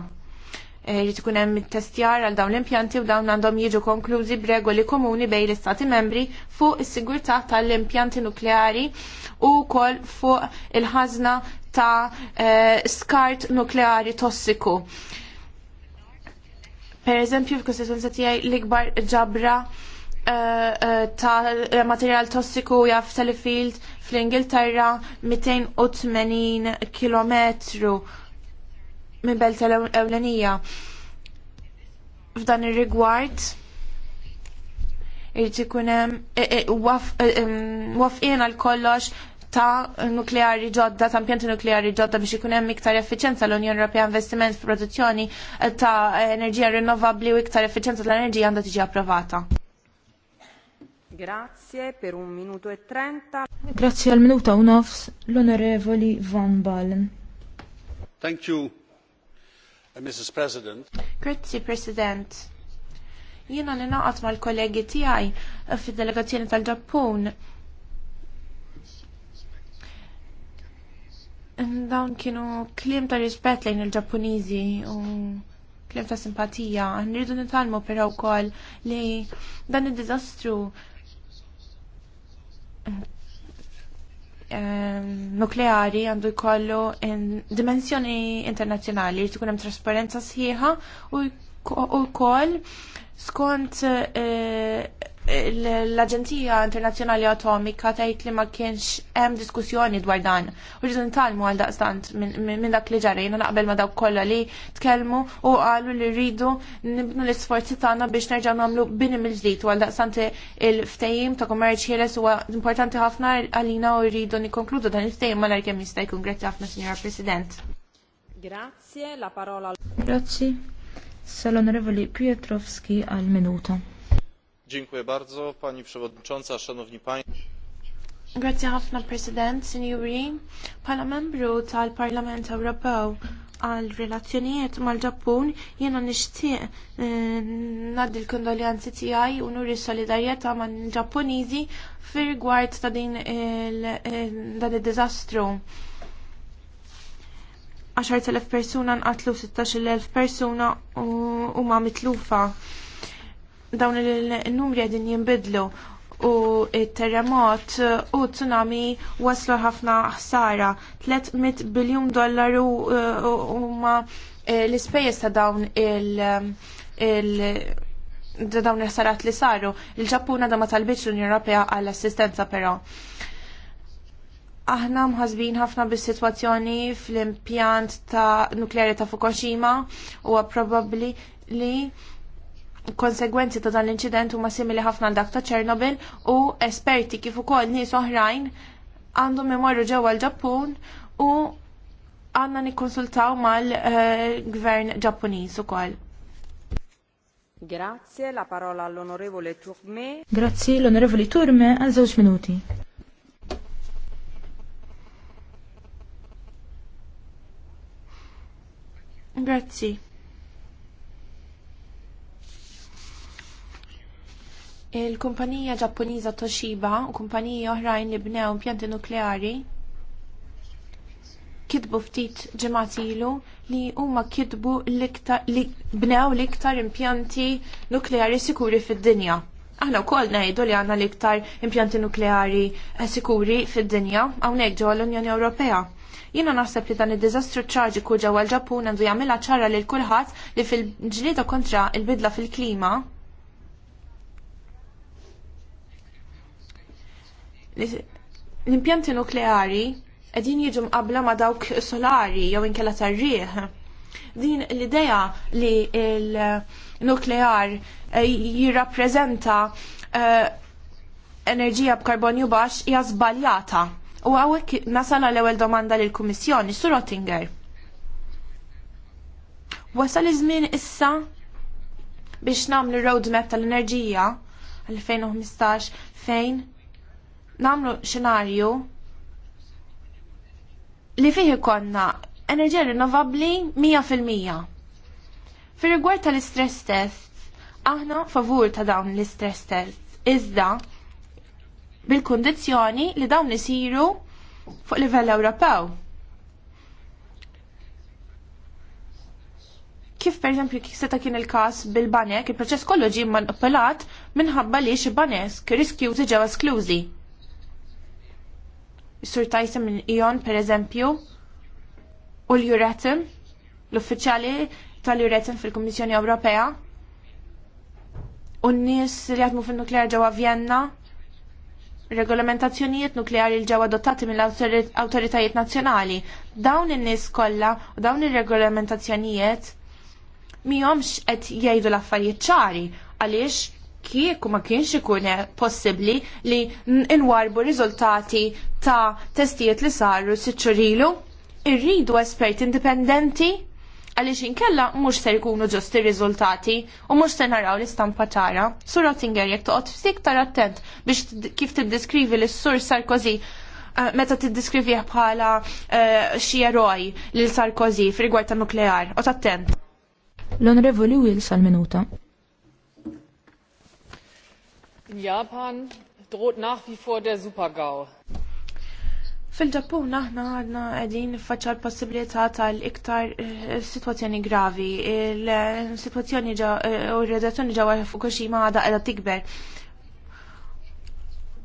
Eh, jrid ikun hemm testjar għal dawn l-impjanti u dawn għandhom jiġu konklużi b'regoli komuni bejn l-istati membri fuq is-sigurtà tal-impjanti nukleari u wkoll fuq il-ħażna ta' eh, skart nukleari tossiku. Per eżempju, se tiegħi l-ikbar ġabra eh, ta' materjal tossiku jaf Sellafield fl-Ingilterra 280 km minn belt ewlenija. F'dan ir-rigward irid ikun hemm e- e- e- wafqien għal kollox ta' nukleari ġodda, ta' impjanti nukleari ġodda biex ikun hemm iktar effiċjenza l-Unjoni Ewropea investiment f'produzzjoni ta' enerġija rinnovabbli u iktar effiċjenza tal-enerġija għandha tiġi approvata. Grazie per un minuto e trenta. Grazie al minuto u nofs l-onorevoli Van Balen. Thank you. Uh, Mrs. President. Grazie, President. Jiena ninaqat mal-kollegi tiegħi uh, fid-delegazzjoni tal-Ġappun. Dawn kienu klim ta' rispett lejn il-Ġappuniżi u klim ta' simpatija. Nridu nitalmu però wkoll li dan id-diżastru Ehm, nukleari għandu jkollu in dimensjoni internazzjonali li tkun hemm trasparenza sħiħa u wkoll skont eh, l-Aġenzija Internazzjonali Atomika tgħid li ma kienx hemm diskussjoni dwar dan. U ġidu nitalmu għal daqstant minn dak li ġarrejna naqbel ma dawk kollha li tkellmu u qalu li rridu nibnu l-isforzi tagħna biex nerġgħu nagħmlu bini mill-ġdid u għal daqstant il-ftehim ta' kummerċ ħieles huwa importanti ħafna għalina u rridu nikkonkludu dan il-ftehim malar kemm jista' jkun grazzi ħafna Sinjora President. Grazie, la parola. Grazie. Sal-Onorevoli Pietrowski għal minuta. Dziękuję bardzo, pani przewodnicząca, szanowni państwo. Grazie ħafna President, Sinjuri. Pala membru tal-Parlament Ewropew għal relazzjonijiet mal-Ġappun jiena nixtieq eh, ngħaddi l-kondoljanzi tiegħi u nuri solidarjetà mal-Ġappuniżi fir-rigward ta' din eh, dan id-diżastru. 10,000 persuna nqatlu 16,000 persuna u huma mitlufa dawn il-numri għedin jimbidlu u il-terremot u tsunami waslu ħafna ħsara 300 biljun dollaru uh, huma uh, l-ispejjeż ta' dawn il- dawn il-ħsarat li saru. Il-ġappuna da ma talbitx l-Unjoni Ewropea għall-assistenza però. Aħna mħazbin ħafna bis-sitwazzjoni fl-impjant ta' nukleari ta' Fukushima u probabbli li konsegwenzi ta' dan l-inċident huma simili ħafna għal dak ta' Chernobyl u esperti kif ukoll nies oħrajn għandhom imorru ġewwa l-Ġappun u għandna nikkonsultaw mal-gvern eh, Ġappuniż ukoll. Grazie, la parola all'onorevole Turme. Grazie, l'onorevole Turme, għal żewġ minuti. Grazie. Il-kumpanija Ġappuniża Toshiba u kumpaniji oħrajn li bnew impjanti nukleari kitbu ftit ġimgħat ilu li huma kitbu li bnew l-iktar impjanti nukleari sikuri fid-dinja. Aħna wkoll ngħidu li għandna l-iktar impjanti nukleari eh, sikuri fid-dinja hawnhekk ġewwa l-Unjoni Ewropea. Jiena naħseb li dan id-diżastru traġiku ġewwa l-Ġappun għandu jagħmilha ċara lil kulħadd li fil-ġlieda kontra il-bidla fil-klima l-impjanti nukleari qegħdin jiġu mqabbla ma' dawk solari jew inkella tarriħ. Din l-idea li l-nuklear eh, jirrappreżenta eh, enerġija b'karbonju baxx hija żbaljata. U għawek nasala l-ewel domanda l-Kummissjoni, su Rottinger. Wasal iż-żmien issa biex namlu roadmap tal-enerġija 2015 fejn namlu xenarju li fih konna enerġija rinnovabbli 100%. Fi rigward tal-istress test, aħna favur ta' dawn l-istress test, iżda bil-kondizjoni li dawn isiru fuq livell Ewropew. Kif per eżempju kif seta kien il-kas bil-banek, il-proċess kollu ġie manipulat minħabba li xi banesk riskjużi ġew esklużi. Sur tajsa minn Ion, per eżempju, u l-Juretin, l-uffiċjali tal-Juretin fil komissjoni Ewropea, u n-nies li għatmu fil-nuklear ġewwa Vienna, regolamentazzjonijiet nukleari l ġewwa adottati mill-awtoritajiet nazzjonali. Dawn in-nies kollha u dawn ir-regolamentazzjonijiet mihomx qed jgħidu l-affarijiet ċari għaliex kieku ma kienx ikun possibbli li nwarbu riżultati ta' testijiet li saru siċċurilu, irridu esperti indipendenti għaliex inkella mhux se jkunu ġust il riżultati u mhux se naraw l-istampa tara. Sur Rottinger jekk toqgħod fsik tar attent biex kif tiddiskrivi lis-Sur Sarkozy eh, meta tiddiskrivi bħala eh, xi eroj lil Sarkozy f'rigward ta' nuklear. Ot attent. L-Onorevoli Wills sal minuta In Japan droht nach wie vor der Supergau. Fil-ġappun aħna għadna għedin faċċa l-possibilità tal-iktar eh, situazzjoni gravi. Il-situazzjoni eh, u r-redazzjoni ġewwa Fukushima għadha qiegħda tikber.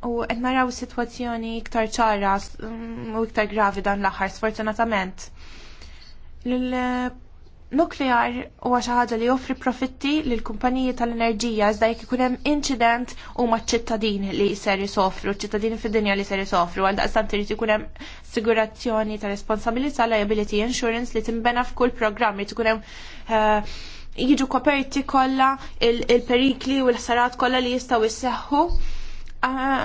U qed naraw situazzjoni iktar ċara mm, u iktar gravi dan l-aħħar sfortunatament nuklear huwa xi ħaġa li joffri profitti lil kumpaniji tal-enerġija iżda jekk ikun hemm inċident huma ċ-ċittadini li ser jisofru, ċittadini fid-dinja li ser jisofru, għal daqstant irid ikun hemm assigurazzjoni ta' responsabilità liability insurance li timbena f'kull programm li tkun hemm eh, jiġu koperti kollha il-perikli u l-ħsarat kollha li jistgħu jisseħħu eh,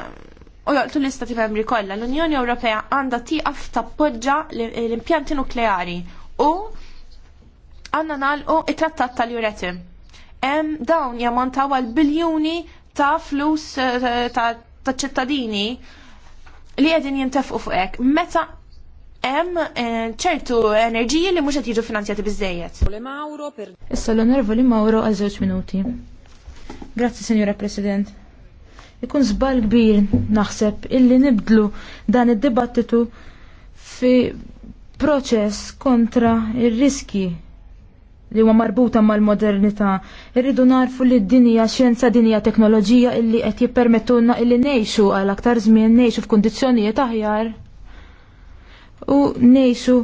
u joqtu l-istati membri kollha. L-Unjoni Ewropea għandha tieqaf tappoġġa l-impjanti nukleari u għanna nalqu it-trattat tal-juretim. Em dawn jammontaw għal biljuni ta' flus eh, ta' ċittadini li għedin jintefqu fuqek. Meta hemm eh, ċertu enerġiji li mhux qed jiġu finanzjati biżejjed. Issa l li Mauro għal żewġ minuti. Grazzi, Sinjora President. Ikun żball kbir naħseb illi nibdlu dan id-dibattitu fi proċess kontra ir-riski li huwa marbuta mal-modernità. Irridu narfu li d-dinja xjenza dinja teknoloġija illi qed jippermettulna illi ngħixu għal aktar żmien ngħixu f'kundizzjonijiet aħjar u ngħixu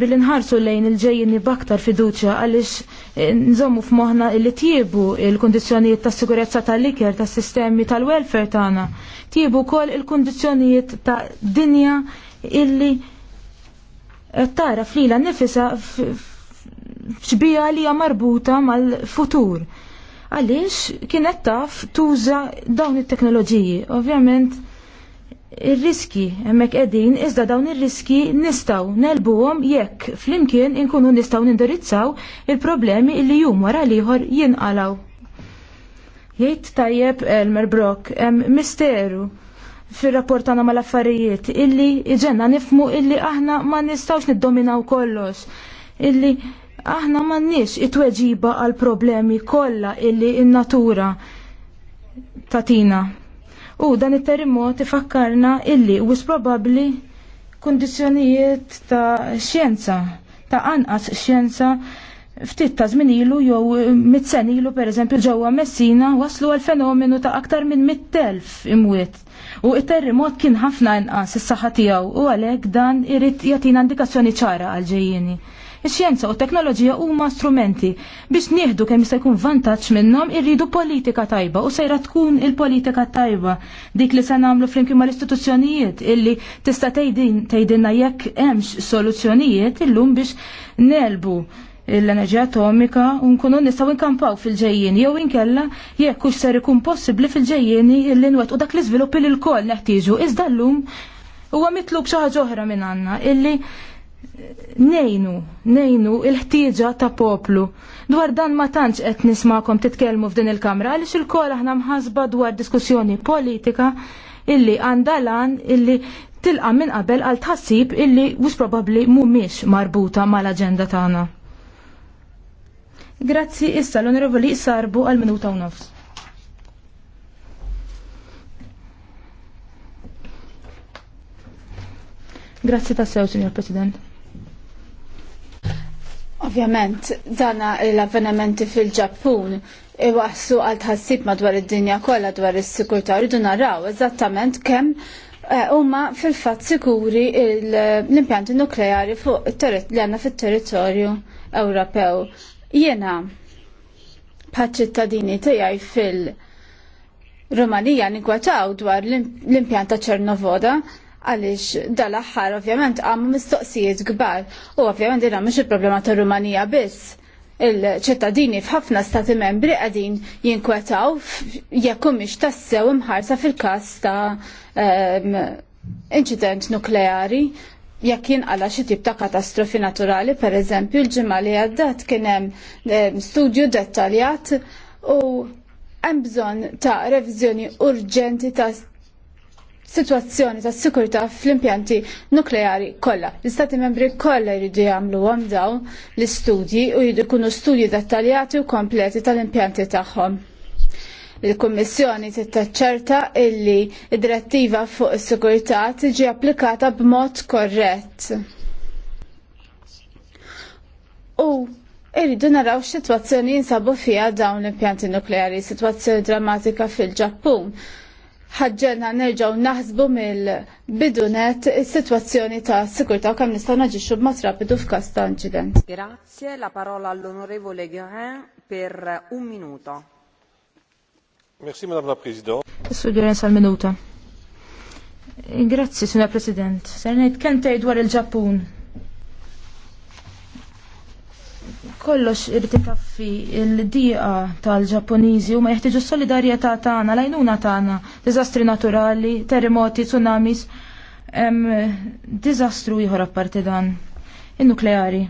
billi nħarsu lejn il-ġejjini baktar fiduċja għaliex eh, nżommu f'moħħna illi tiebu il-kundizzjonijiet tas sigurezza tal-iker, tas-sistemi tal-welfare tagħna. Tiebu wkoll il-kundizzjonijiet ta' dinja illi tara flila nifisa ċbija li hija marbuta mal-futur. Għaliex kienet taf tuża dawn it-teknoloġiji. Ovvjament ir-riski hemmhekk qegħdin iżda dawn ir-riski nistgħu nelbuhom jekk flimkien inkunu nistgħu nindirizzaw il-problemi li jum wara liħor jinqalaw. Jgħid tajjeb Elmer Brock hemm misteru fir rapportana mal-affarijiet illi iġenna nifmu illi aħna ma nistgħux niddominaw kollox illi aħna m'għandniex it-tweġiba għal problemi kollha illi n-natura tatina. U dan it-terremot ifakkarna illi wis probabbli kundizzjonijiet ta' xjenza, ta' anqas xjenza ftit ta' zminilu jew mit-senilu per eżempju ġewwa Messina waslu għal fenomenu ta' aktar minn mit-telf imwiet. U it-terremot kien ħafna inqas is-saħħa tiegħu u għalhekk dan irid jagħtina indikazzjoni ċara għal ġejjieni. Ix-xjenza u t-teknoloġija huma strumenti biex nieħdu kemm se jkun vantaġġ minnhom irridu politika tajba u sejra tkun il-politika tajba dik li se nagħmlu flimkien mal-istituzzjonijiet illi tista' tgħidin tgħidilna jekk hemmx soluzzjonijiet illum biex nelbu l-enerġija atomika u nkunu nistgħu nkampaw fil-ġejjien jew inkella jekk hux ser ikun possibbli fil-ġejjieni illi nwettqu dak l-iżviluppi li l-koll neħtieġu iżda llum huwa mitlub xi ħaġa oħra minn għandna illi nejnu, nejnu il-ħtieġa ta' poplu. Dwar dan ma tantx qed nismakom titkellmu f'din il-Kamra għaliex il-kol aħna mħasba dwar diskussjoni politika illi għandalan illi tilqa' minn qabel għal tħassib illi mhux probabbli mhumiex marbuta mal-aġenda tagħna. Grazzi issa l-Onorevoli Sarbu għal minuta u nofs. Grazzi tassew, Signor President. Ovvjament, dana l-avvenimenti fil-Ġappun iwassu għal tħassib madwar id-dinja kollha dwar is-sikurtà rridu naraw eżattament kemm eh, huma fil-fatt sikuri l-impjanti nukleari fuq li għandna fit-territorju Ewropew. Jiena paċ-ċittadini tiegħi fil- Rumanija nigwataw dwar l-impjanta ċernovoda għalix dal-axħar ovvjament għamu mistoqsijiet gbar u ovvjament dina mux il-problema ta' Rumanija biss il-ċittadini f'ħafna stati membri għadin jinkwetaw jekkum miex tassew imħarsa fil-kas ta' ehm, incident nukleari jekk jinqala xi tip ta' katastrofi naturali, per eżempju, l-ġimgħa li għaddat kien hemm ehm, studju dettaljat u hemm bżonn ta' reviżjoni urġenti ta' situazzjoni ta' sikurta fl-impjanti nukleari kollha. L-Istati membri kollha jridu jagħmlu għam dawn l-istudji u jridu jkunu studji dettaljati u kompleti tal-impjanti tagħhom. Il-Kummissjoni tittaċċerta illi id-direttiva fuq is-sigurtà tiġi applikata b'mod korrett. U Iridu naraw situazzjoni jinsabu fija dawn l-impjanti nukleari, situazzjoni drammatika fil-Ġappun, ħagġelna nerġaw naħsbu mill-bidunet situazzjoni ta' sikurta u kam nistaw naġiċu b'mod rapidu f'kas ta' incident. Grazie, la parola all'onorevole Guerin per un minuto. Merci, Madame la Presidente. Sur Guerin sal minuta. Grazie, Signor President. Sarnejt kentej dwar il-Ġappun kollox irrid taffi il-diqa tal-Ġappuniżi u ma jeħtieġu solidarjetà tagħna, l-għajnuna tagħna, diżastri naturali, terremoti, tsunamis, hemm diżastru ieħor apparti dan, in-nukleari.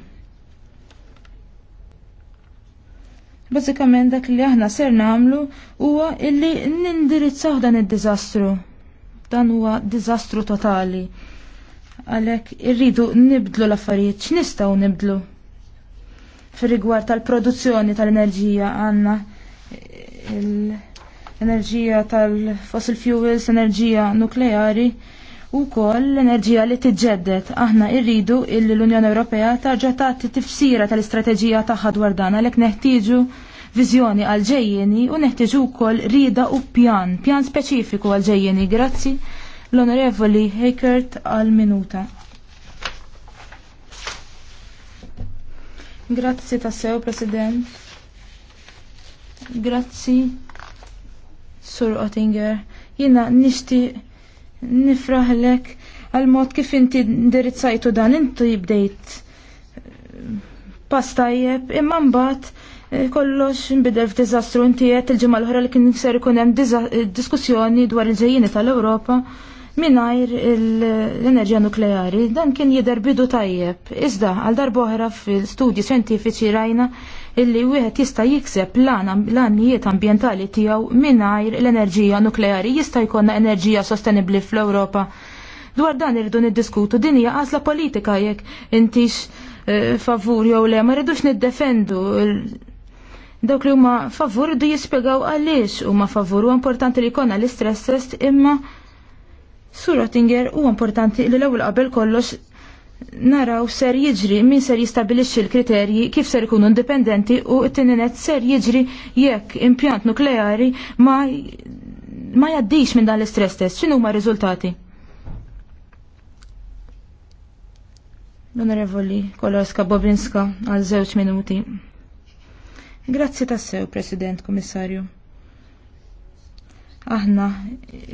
Bażikament dak li aħna ser nagħmlu huwa illi nindirizzaw dan id-diżastru. Dan huwa diżastru totali. Għalhekk irridu nibdlu l-affarijiet, x'nistgħu nibdlu? fir-rigward tal-produzzjoni tal-enerġija għandna l-enerġija tal-fossil fuels, enerġija nukleari u koll l-enerġija li tiġġeddet. Aħna irridu illi l-Unjoni Ewropea tarġa' tagħti tifsira tal-istrateġija tagħha dwar dan għalhekk neħtieġu viżjoni għal ġejjeni u neħtieġu wkoll rida u pjan, pjan speċifiku għal ġejjeni. Grazzi l-Onorevoli Hekert għal minuta. Grazzi tassew, President. Grazzi, Sur Ottinger. Jina nishti nifraħlek għal-mod kif inti ndirizzajtu dan inti jibdejt eh, pastajjeb imma mbagħad eh, kollox nbidel f'diżastru inti qed il-ġimgħa l-oħra li kien ser ikun hemm eh, diskussjoni dwar il ġejjini tal-Ewropa Minajr l-enerġija nukleari. Dan kien jidher bidu tajjeb. Iżda għal darboħra fil-studji xjentifiċi rajna illi wieħed jista' jikseb l annijiet ambjentali tiegħu mingħajr l-enerġija nukleari jista' jkollna enerġija sostenibbli fl-Ewropa. Dwar dan irridu niddiskutu din hija għażla politika jekk intix eh, favur jew le ma rridux niddefendu dawk li huma favur irridu jispjegaw għaliex huma favur u importanti li jkollna l-istress test imma Sur Rottinger u importanti li l-ewwel qabel kollox naraw ser jiġri min ser jistabilixxi l-kriterji kif ser ikunu indipendenti u t-tininet ser jiġri jekk impjant nukleari ma, ma jaddix minn dan l-istress test. X'inhu huma riżultati? L-Onorevoli Koloska Bobrinska għal żewġ minuti. Grazzi tassew, President Komissarju. Aħna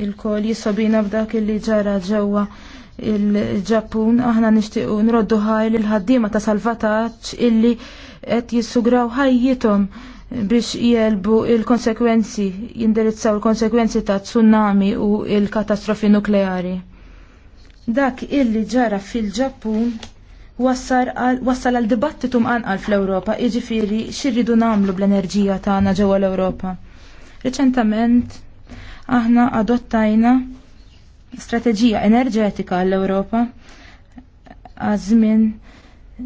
il-kol jisobina b'dak li ġara ġewwa il-Ġappun, aħna nixtiequ nroddu ħaj l-ħaddiema ta' salvataġġ illi qed jissugraw ħajjithom biex jelbu il-konsekwenzi, jindirizzaw il-konsekwenzi ta' tsunami u il-katastrofi nukleari. Dak illi ġara fil-Ġappun wassal għal dibattitu mqanqal fl-Ewropa, iġifiri xirridu namlu bl-enerġija tagħna ġewwa l-Ewropa. Reċentament aħna adottajna strateġija enerġetika għall-Ewropa għazmin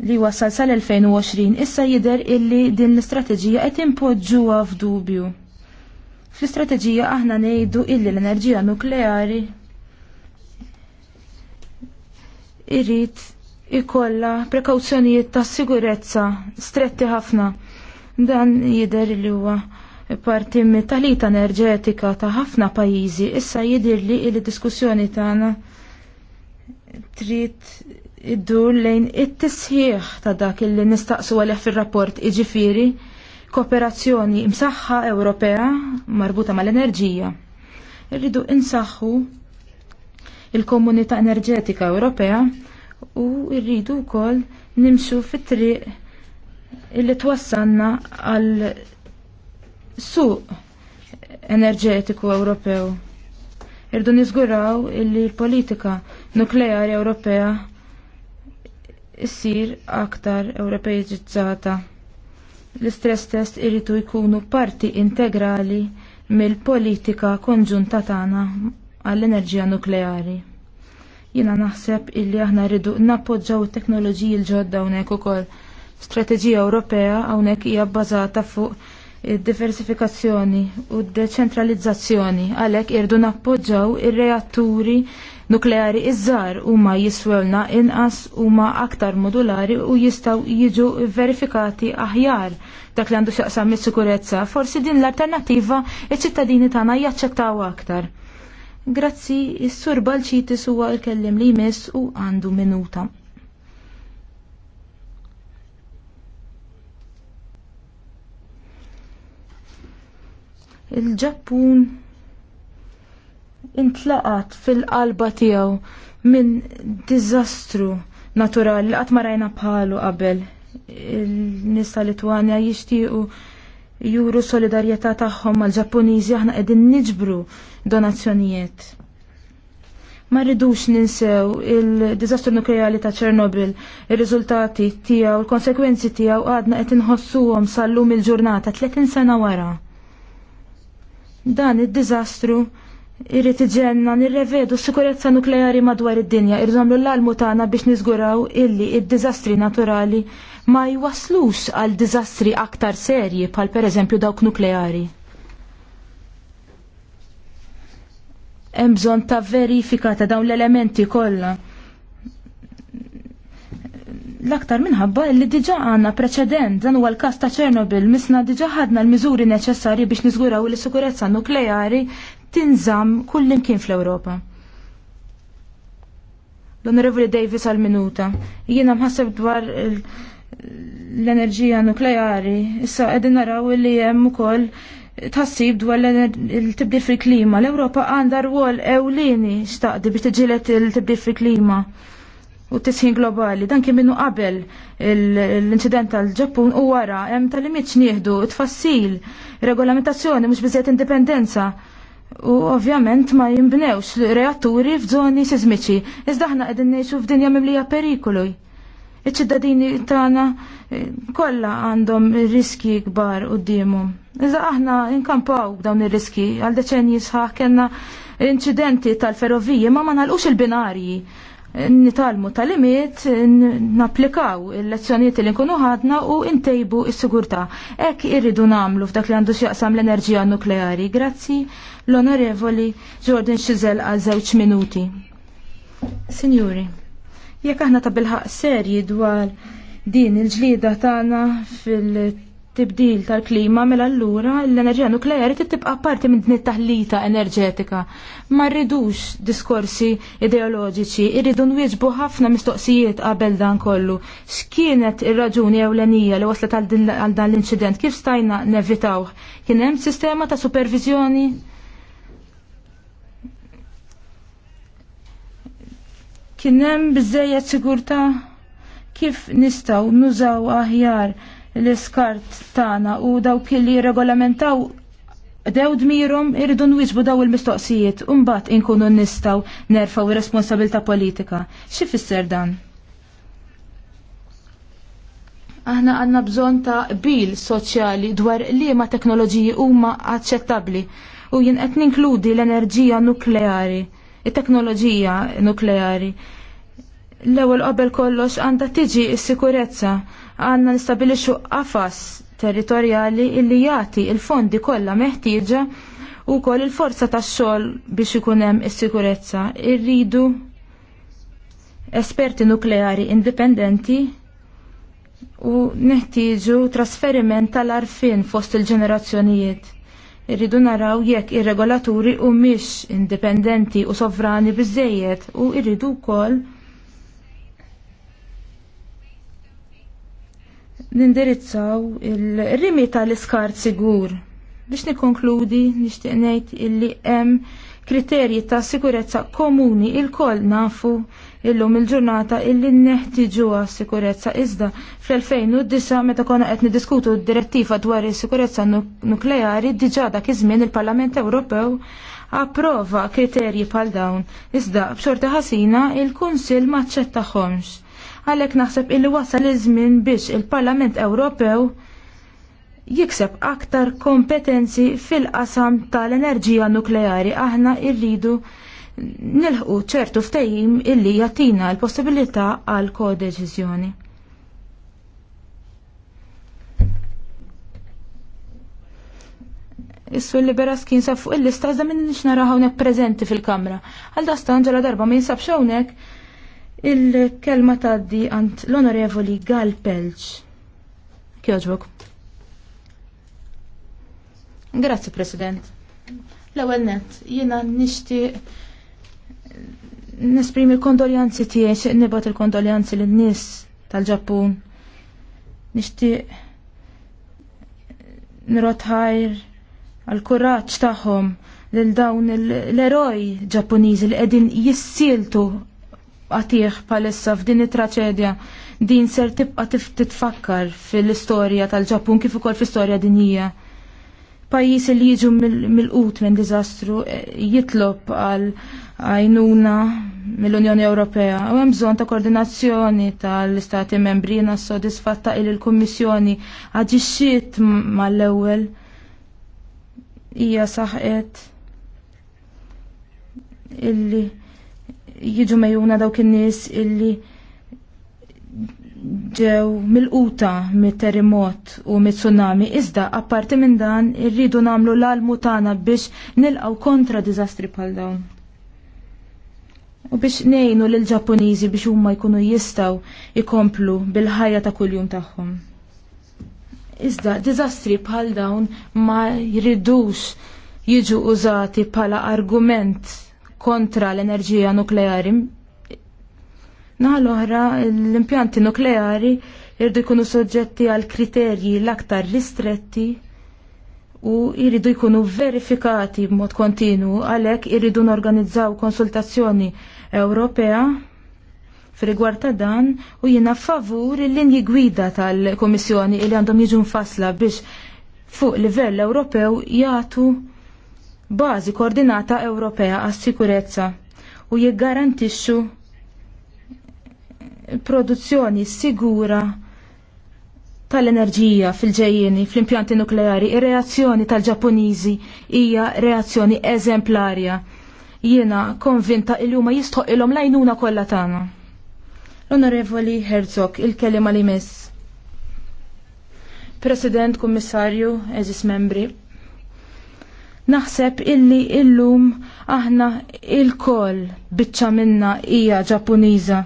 li wasal sal-2020 issa jider illi din l-istrateġija qed impoġġuha f'dubju. Fl-istrateġija aħna ngħidu illi l-enerġija nukleari irrit ikolla prekawzjonijiet ta' sigurezza stretti ħafna. Dan jider li huwa parti mit-talita enerġetika ta' ħafna pajjiżi issa li il-diskussjoni tagħna trid iddur lejn it-tisħiħ ta' dak li nistaqsu għalih fir-rapport iġifieri kooperazzjoni msaħħa Ewropea marbuta mal-enerġija. Irridu insaħħu il-komunità enerġetika Ewropea u rridu wkoll nimxu fit-triq illi twassanna għal suq enerġetiku Ewropew. Irdu niżguraw illi l-politika nukleari Ewropea issir aktar Ewropeiġizzata. L-istress test irritu jkunu parti integrali mill-politika konġunta tagħna għall-enerġija nukleari. Jiena naħseb illi aħna rridu nappoġġaw it-teknoloġiji l-ġodda hawnhekk ukoll. Strateġija Ewropea hawnhekk hija bbażata fuq id-diversifikazzjoni u d-deċentralizzazzjoni għalhekk irdu nappoġġaw ir-reatturi nukleari iż-żar huma jiswewna inqas huma aktar modulari u jistgħu jiġu verifikati aħjar dak li għandu xaqsam mis-sikurezza. Forsi din l-alternattiva iċ-ċittadini tagħna jaċċettaw aktar. Grazzi, is-sur Balċitis huwa l-kellim li jmiss u għandu minuta. il-Ġappun intlaqat fil-qalba tiegħu minn diżastru naturali li qatt ma rajna bħalu qabel. Il-nisa Litwanja jixtiequ juru solidarjetà tagħhom mal-Ġappuniżi aħna qegħdin niġbru donazzjonijiet. Ma rridux ninsew il-diżastru nukleari ta' Ċernobil, ir-riżultati tiegħu, il-konsekwenzi tiegħu għadna qed inħossuhom sal-lum il-ġurnata 30 sena wara. Dan id-diżastru irrid iġenna nirrevedu s-sikurezza nukleari madwar id-dinja irrid nagħmlu l-almu tagħna biex niżguraw illi id-diżastri naturali ma jwaslux għal diżastri aktar serji bħal pereżempju dawk nukleari. Hemm bżonn ta' verifika ta' dawn l-elementi kollha l-aktar minħabba li diġa għanna preċedent dan huwa l-każ ta' Ċernobil misna diġa ħadna l-miżuri neċessarji biex niżguraw li sikurezza nukleari tinżamm kullimkien fl-Ewropa. L-Onorevoli Davis għal-minuta. Jiena mħasseb dwar l-enerġija nukleari. Issa qegħdin naraw li hemm ukoll tħassib dwar l-tibdil fil-klima. L-Ewropa għandha rwol ewlieni xtaqdi biex tiġilet il-tibdil fil-klima u t tisħin globali. Dan kien minnu qabel l-inċident tal-Ġappun u wara hemm tal-imiċ nieħdu tfassil, regolamentazzjoni mhux bizziet indipendenza. U ovvjament ma jinbnewx reatturi f'żoni sismiċi, iżda aħna qegħdin ngħixu f'dinja mimlija perikolu. Iċ-ċittadini tagħna eh, kollha għandhom riski kbar qudiemhom. Iżda aħna inkampaw dawn ir-riski għal deċenji sħaħ kellna inċidenti tal-ferroviji ma ma nalqux il-binarji nitalmu tal-imiet, naplikaw il-lezzjoniet li nkunu ħadna u intejbu s-sigurta. Ek irridu namlu f'dak li għandu xjaqsam l-enerġija nukleari. Grazzi l-onorevoli Jordan Xizel għal żewġ minuti. Signori, jekk aħna ta' bilħaq serji dwar din il-ġlida tagħna fil- tibdil tal-klima mela allura l-enerġija nukleari tibqa' parti minn din it-taħlita enerġetika. Ma rridux diskorsi ideoloġiċi, irridu nwieġbu ħafna mistoqsijiet qabel dan kollu. X'kienet ir-raġuni ewlenija li waslet għal dan l-inċident? Kif stajna nevitaw? Kien hemm sistema ta' supervizjoni? Kien hemm biżejjed sigurtà? Kif nistgħu nużaw aħjar? l-iskart tagħna u dawk li regolamentaw dew dmirom irridu nwiġbu daw il-mistoqsijiet u mbagħad inkunu nistgħu nerfaw ir-responsabilità politika. Xi fisser dan? Aħna għandna bżonn ta' bil soċjali dwar liema teknoloġiji huma aċċettabbli u jien qed ninkludi l-enerġija nukleari, it-teknoloġija nukleari. L-ewwel qabel kollox għandha tiġi s-sikurezza għanna nistabilixu qafas territorjali illi jagħti il-fondi kollha meħtieġa u koll il-forza tax xogħol biex ikun hemm is-sikurezza. Irridu esperti nukleari indipendenti u neħtieġu trasferiment tal-arfin fost il-ġenerazzjonijiet. Irridu naraw jekk ir-regolaturi u mhix indipendenti u sovrani biżejjed u irridu wkoll nindirizzaw il-rimi tal-iskart sigur. Biex nikonkludi, nixtieq ngħid illi hemm kriterji ta' sikurezza komuni il kol nafu illum il-ġurnata illi neħtiġu sikurezza iżda fl-2009 meta konna qed niddiskutu d-direttiva dwar is-sikurezza nukleari diġà dak iż-żmien il-Parlament Ewropew approva kriterji bħal dawn iżda b'xorta ħasina il-Kunsill ma ċċettaħomx għalhekk naħseb illi wasal iż-żmien biex il-Parlament Ewropew jikseb aktar kompetenzi fil-qasam tal-enerġija nukleari aħna rridu nilħqu ċertu ftehim illi jagħtina l-possibilità għal kodeċiżjoni. Issu li libera skin sa fuq il-lista da minn nix naraħaw prezenti fil-kamra. Għal dastan ġala darba ma jinsabx hawnhekk Il-kelma taddi għand l-Onorevoli Gal Pelċ. Kjoġbuk. Grazzi, President. L-ewel net, jena nishti nesprimi l-kondoljanzi tiegħi, nibat il-kondoljanzi lin-nies tal-Ġappun. Nixtieq nrotħajr għal-kuraġġ tagħhom lil dawn l-eroj Ġappuniżi li qegħdin jissieltu għatiħ palissa f'din it-traċedja din ser tibqa titfakkar fil-istorja tal-Ġappun kif ukoll fl-istorja dinjija. Pajis li jiġu mill-qut minn diżastru e, jitlob għal għajnuna mill-Unjoni Ewropea. U hemm bżonn ta' koordinazzjoni tal-Istati membri jiena sodisfatta il l-Kummissjoni aġixxiet mal-ewwel hija saħqet illi jiġu mejuna dawk in-nies illi ġew mill-quta mit-terremot u mit-tsunami, iżda apparti minn dan irridu nagħmlu l-almu tagħna biex nilqgħu kontra diżastri bħal dawn. U biex nejnu lil ġappuniżi biex huma jkunu jistaw ikomplu bil-ħajja ta' kuljum tagħhom. Iżda diżastri bħal dawn ma jridux jiġu użati bħala argument kontra l-enerġija nukleari. Naħa l-oħra, l-impjanti nukleari jirdu jkunu soġġetti għal kriterji l-aktar ristretti u jridu jkunu verifikati b'mod kontinu għalhekk irridu norganizzaw konsultazzjoni Ewropea f'rigward ta' dan u jiena favur il-linji gwida tal-Komissjoni li għandhom jiġu mfassla biex fuq livell Ewropew jagħtu bażi koordinata Ewropea għas-sikurezza u jiggarantixxu produzzjoni sigura tal-enerġija fil-ġejjeni fl-impjanti nukleari, ir-reazzjoni tal-Ġappuniżi hija reazzjoni eżemplarja. Jiena konvinta il huma jistħoq ilhom lajnuna kollha tagħna. L-Onorevoli Herzog, il-kelima li miss. President, Kummissarju, eżis membri, Naħseb illi illum aħna il-koll biċċa minna hija Ġappuniża.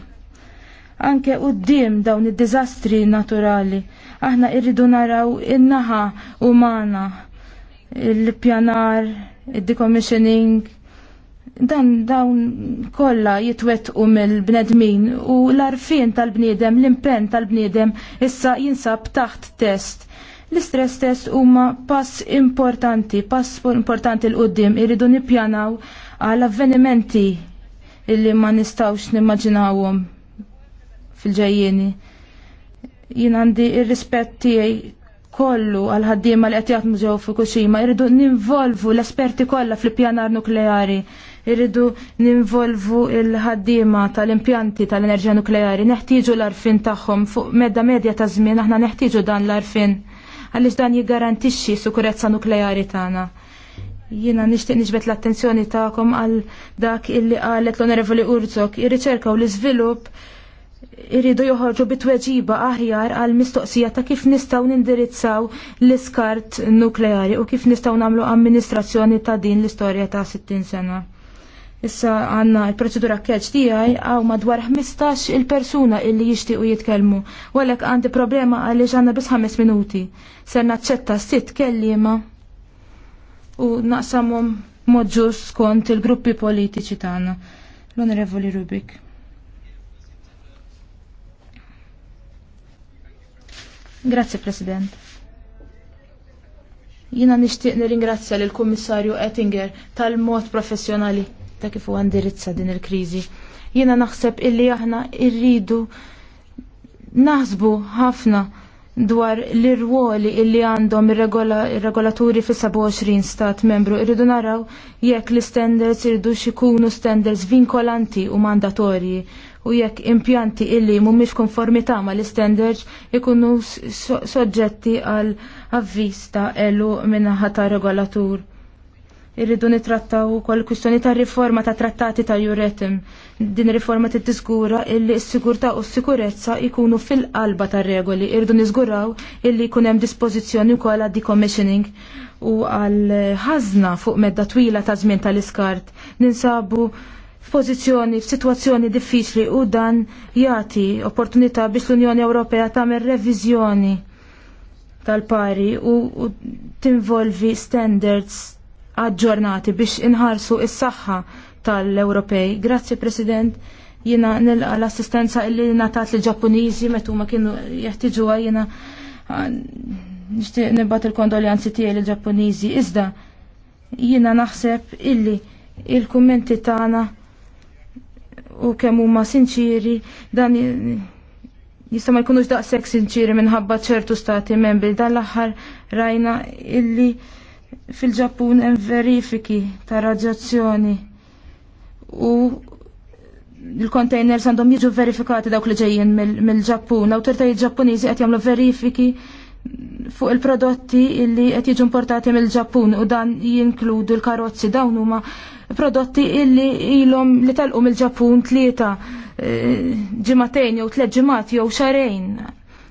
Anke qudiem dawn id-diżastri naturali, aħna irridu naraw in-naħa umana, il-pjanar, il-decommissioning, dan dawn kolla jitwettqu mill-bnedmin u l-arfin tal-bniedem, l-impen tal-bniedem issa jinsab taħt test L-istress test huma pass importanti, pass importanti l-qoddim, irridu nippjanaw għal avvenimenti illi ma nistawx nimmaġinawhom fil-ġejjieni. Jien għandi ir-rispett tiegħi kollu għal ħaddiema li qed jaħdmu ġew Fukushima, irridu ninvolvu l-esperti kollha fl pjanar nukleari, irridu ninvolvu l-ħaddiema tal-impjanti tal-enerġija nukleari, neħtieġu l-arfin tagħhom fuq medda medja ta' żmien aħna neħtieġu dan l-arfin għaliex dan jiggarantixxi sikurezza nukleari tagħna. Jiena nixtieq niġbet l-attenzjoni tagħkom għal dak illi qalet l-Onorevoli Urzok, ir-riċerka u l-iżvilupp irridu joħorġu bitweġiba aħjar għal mistoqsija ta' kif nistgħu nindirizzaw l-iskart nukleari u kif nistgħu nagħmlu amministrazzjoni ta' din l-istorja ta' 60 sena. Issa għanna il-proċedura catch tijaj għaw madwar 15 il-persuna illi u jitkelmu. Walek għandi problema għalli ġanna bis 5 minuti. Serna naċċetta sitt kellima u naqsamum modġus kont il-gruppi politiċi tagħna. L-Onorevoli Rubik. Grazie, President. Jina nishtiq nirringrazzja l-Kummissarju Ettinger tal-mod professjonali ta' kif huwa indirizza din il-kriżi. Jiena naħseb illi aħna rridu naħsbu ħafna dwar l-irwoli illi għandhom ir-regolaturi fis 27 stat membru irridu naraw jekk l-standards irridu xikunu standards vinkolanti u mandatorji u jekk impjanti illi mhumiex konformità ma l-standards ikunu soġġetti għal avvista elu ħata regolatur irridu nitrattaw ukoll kwistjoni ta' riforma ta' trattati ta' juretim. Din riforma tiżgura illi s-sigurta u s-sikurezza jkunu fil-qalba ta' regoli, irridu niżguraw illi jkun hemm dispożizzjoni wkoll għad decommissioning u għal ħażna fuq medda twila ta' żmien tal-iskart. Ninsabu f'pożizzjoni f'sitwazzjoni diffiċli u dan jagħti opportunità biex l-Unjoni Ewropea tagħmel reviżjoni tal-pari u, u tinvolvi standards aġġornati biex inħarsu is-saħħa tal-Ewropej. Grazzi President, jina nilqa l-assistenza illi natat li ġappuniżi metu ma kienu jeħtiġuha jina ah, nishtiq nibbat il-kondoljanzi tiegħi li ġappuniżi. Iżda jina naħseb illi il-kummenti tagħna u kemm huma sinċiri dan jista' ma jkunux daqshekk sinċiri minħabba ċertu stati membri dan l-aħħar rajna illi fil-Ġappun hemm verifiki ta' radjazzjoni u il-containers għandhom jiġu verifikati dawk li ġejjin mill-Ġappun. Awtoritajiet Ġappuniżi qed jagħmlu verifiki fuq il-prodotti li qed jiġu importati mill-Ġappun u dan jinkludu l-karozzi dawn huma prodotti illi ilhom li talqu mill-Ġappun tlieta eh, ġimatejn jew tliet ġimgħat jew xarejn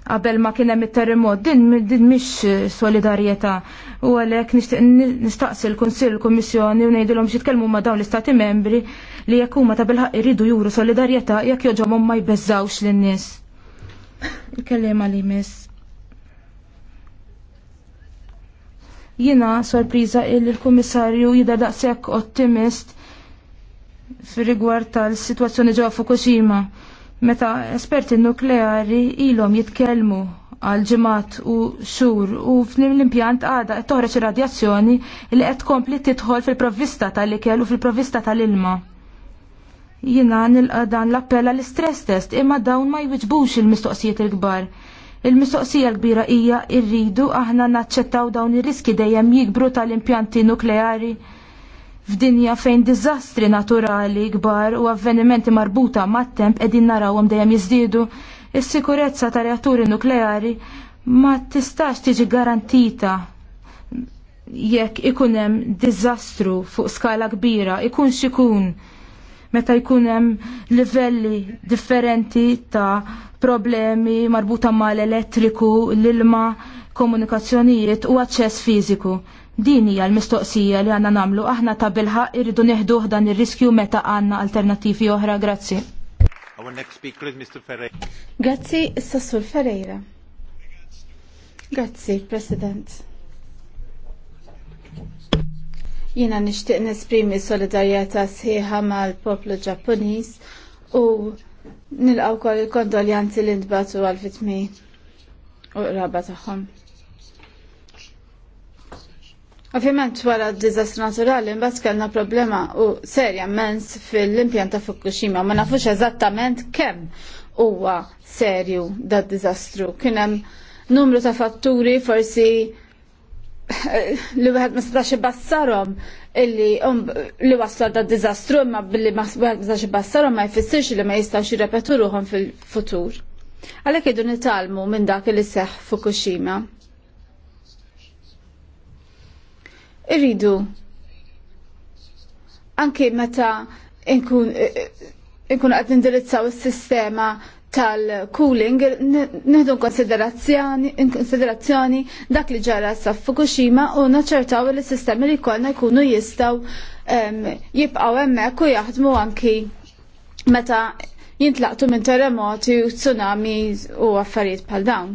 qabel ma kien hemm it-terremot, din mhix eh, solidarjetà. U għalhekk nistaqsi l-Kunsill l-Kummissjoni u ngħidulhom xi tkellmu ma' dawn l-Istati membri li jekk huma ta' bilħaq iridu juru solidarjetà jekk joġobhom ma jbeżżawx lin-nies. Il-kelliem li miss. Jiena sorpriża il l-Kummissarju jidher daqshekk ottimist fir-rigward tal-sitwazzjoni ġewwa Fukushima meta esperti nukleari ilhom jitkellmu għal ġemat u xur u fl-impjant għada toħreċ radjazzjoni li qed kompli tidħol fil-provvista tal-ikel u fil-provvista tal-ilma. Jina nilqa dan l-appella l-istress test imma dawn ma jwiġbux il-mistoqsijiet il-kbar. Il-mistoqsija l-kbira hija irridu aħna naċċettaw dawn ir-riski dejjem jikbru tal-impjanti nukleari F'dinja fejn diżastri naturali kbar u avvenimenti marbuta mat-temp qegħdin narawhom dejjem jiżdiedu, is-sikurezza ta' reatturi nukleari ma tistax tiġi garantita jekk ikun hemm diżastru fuq skala kbira, ikun xikun meta jkun hemm livelli differenti ta' problemi marbuta mal-elettriku, l-ilma, komunikazzjonijiet u aċċess fiżiku. Din hija l-mistoqsija li għandna nagħmlu aħna ta' bilħaq irridu neħduh dan ir-riskju meta għandna alternattivi oħra. Grazzi. Our next speaker is Mr. Ferreira. Grazzi, Sassur Ferreira. Grazzi, President. Jina nishtiq nesprimi solidarjetà sħiħa mal-poplu Ġappuniż u nilqaw kol il-kondoljanzi li ntbatu għal-vitmi u raba tagħhom. Ovvjament wara d-dizastru naturali imbagħad kellna problema u serja mens fil-impjant ta' Fukushima ma nafux eżattament kemm huwa serju da' d-dizastru. Kien hemm numru ta' fatturi forsi eh, li wieħed ma setax ibassarhom illi li waslu da' d-dizastru imma billi ma setax ibassarhom ma jfissirx li ma jistgħux jirrepeturuhom fil-futur. Għalhekk idu nitalmu minn dak li seħħ Fukushima. irridu anke meta nkun qed nindirizzaw is-sistema tal-cooling nieħdu konsiderazzjoni dak li ġara sa Fukushima u naċċertaw li s-sistemi li jkollna jkunu jistgħu jibqgħu hemmhekk u jaħdmu anki meta jintlaqtu minn terremoti u tsunami u affarijiet bħal dawn.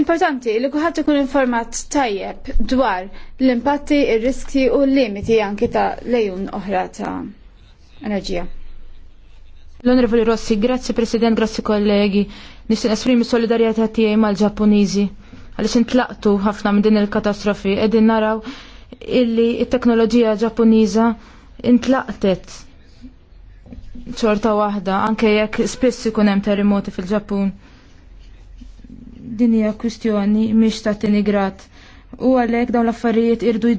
Importanti li kuħat ikun informat tajjeb dwar l-impatti, ir-riski u l-limiti anki ta' lejun oħra ta' enerġija. L-Onorevoli Rossi, grazzi President, grazzi kollegi. Nisin esprimi solidarjetà tiegħi mal-Ġappuniżi għaliex intlaqtu ħafna minn din il-katastrofi qegħdin naraw illi t teknoloġija Ġappuniża intlaqtet ċorta waħda anke jekk spiss ikun hemm terremoti fil-Ġappun din hija kwistjoni mhix ta' tieni grad. U għalhekk dawn l-affarijiet irdu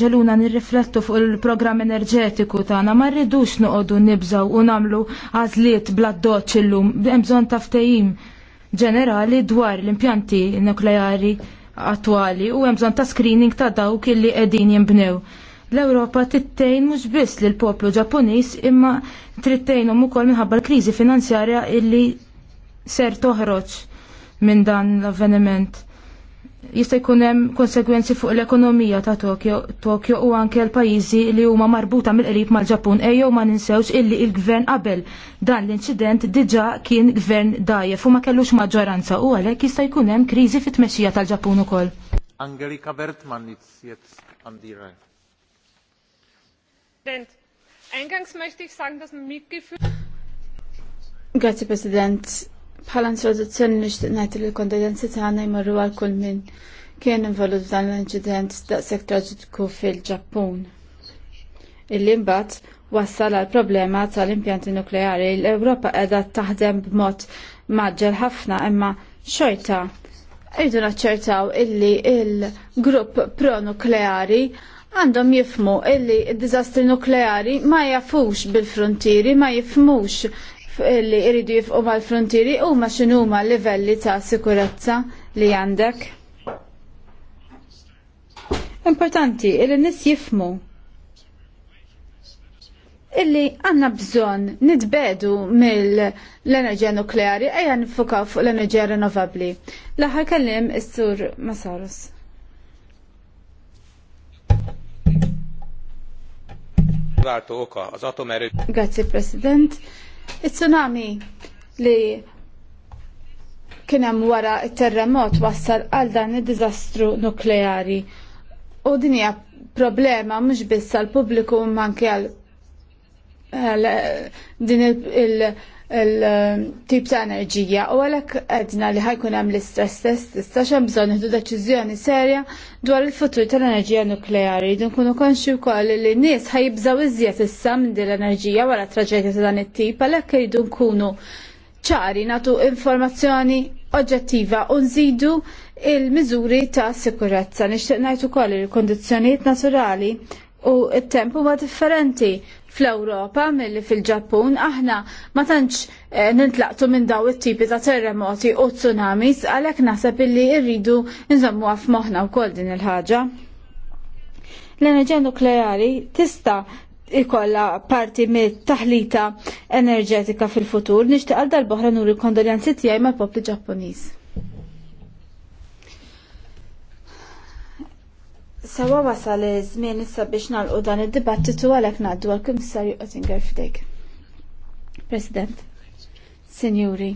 ġeluna nirriflettu fuq il-programm enerġetiku tagħna ma rridux noqogħdu nibżaw u nagħmlu għażliet bla doċ illum hemm bżonn ta' ftehim ġenerali dwar l-impjanti nukleari attwali u hemm bżonn ta' screening ta' dawk illi qegħdin jinbnew l-Ewropa tittejn mhux biss lill poplu Ġappuniż imma trittejnhom ukoll minħabba l-kriżi finanzjarja illi ser toħroġ minn dan l-avveniment. Jista' jkun hemm konsegwenzi fuq l-ekonomija ta' Tokyo, Tokyo u anke l-pajjiżi li huma marbuta mill-qrib mal-Ġappun ejjew ma ninsewx illi il-gvern qabel dan l-inċident diġà kien gvern dajjef u ma kellux maġġoranza u għalhekk jista' jkun hemm kriżi fit-tmexxija tal-Ġappun ukoll. Angelika Bertmann jetzt an die Reihe. Eingangs möchte ich sagen, dass Grazie President. Bħala introduzzjoni nixtieq ngħid li l-kondolenzi tagħna jmorru għal kull min kien involut f'dan l-inċident daqshekk traġiku fil-Ġappun. Illi limbat wassal għal problema tal-impjanti nukleari l-Ewropa qiegħda taħdem b'mod maġġel ħafna imma xorta Irdu naċċertaw illi il-grupp pro-nukleari għandhom jifmu illi il-dizastri nukleari ma jafux bil-frontieri, ma jifmux li jridu jifqu mal-frontieri huma x'inhuma livelli ta' sikurezza li għandek. Importanti li nis jifmu illi għanna bżon nitbedu mill-enerġija nukleari ejja fukaw fuq l-enerġija rinnovabli. Laħar kellim is-sur Masarus. Grazie President. Il-tsunami li kien hemm wara t-terremot wassal għal dan id-diżastru nukleari. U din hija problema mhux biss għall pubbliku manki għal eh, din il-, il il-tip ta' enerġija u għalek għedna li ħajkun hemm l-istress test issa xem bżonn nieħdu deċiżjoni serja dwar il-futur tal-enerġija nukleari. Dun kunu konxi wkoll li n-nies ħajibżaw iżjed issa minn din l-enerġija wara traġedja ta' dan it-tip għalhekk jridu nkunu ċari nagħtu informazzjoni oġġettiva u nżidu il-miżuri ta' sikurezza. Nixtieq ngħid ukoll il kondizjoniet naturali u t-temp huwa differenti fl-Ewropa milli fil-Ġappun aħna ma tantx eh, nintlaqtu minn daw it-tipi ta' terremoti u tsunamis għalhekk naħseb illi rridu nżommu għaf wkoll din il-ħaġa. L-enerġija nukleari tista' ikolla parti mit taħlita enerġetika fil-futur nixtieq għal darba oħra nuri kondoljanzi tiegħi mal-popli Ġappuniż. Sawa wasal iż-żmien issa biex nagħlqu dan id-dibattitu għalhekk ngħaddu għall-Kummissarju Oettinger f'dejk. President, Sinjuri,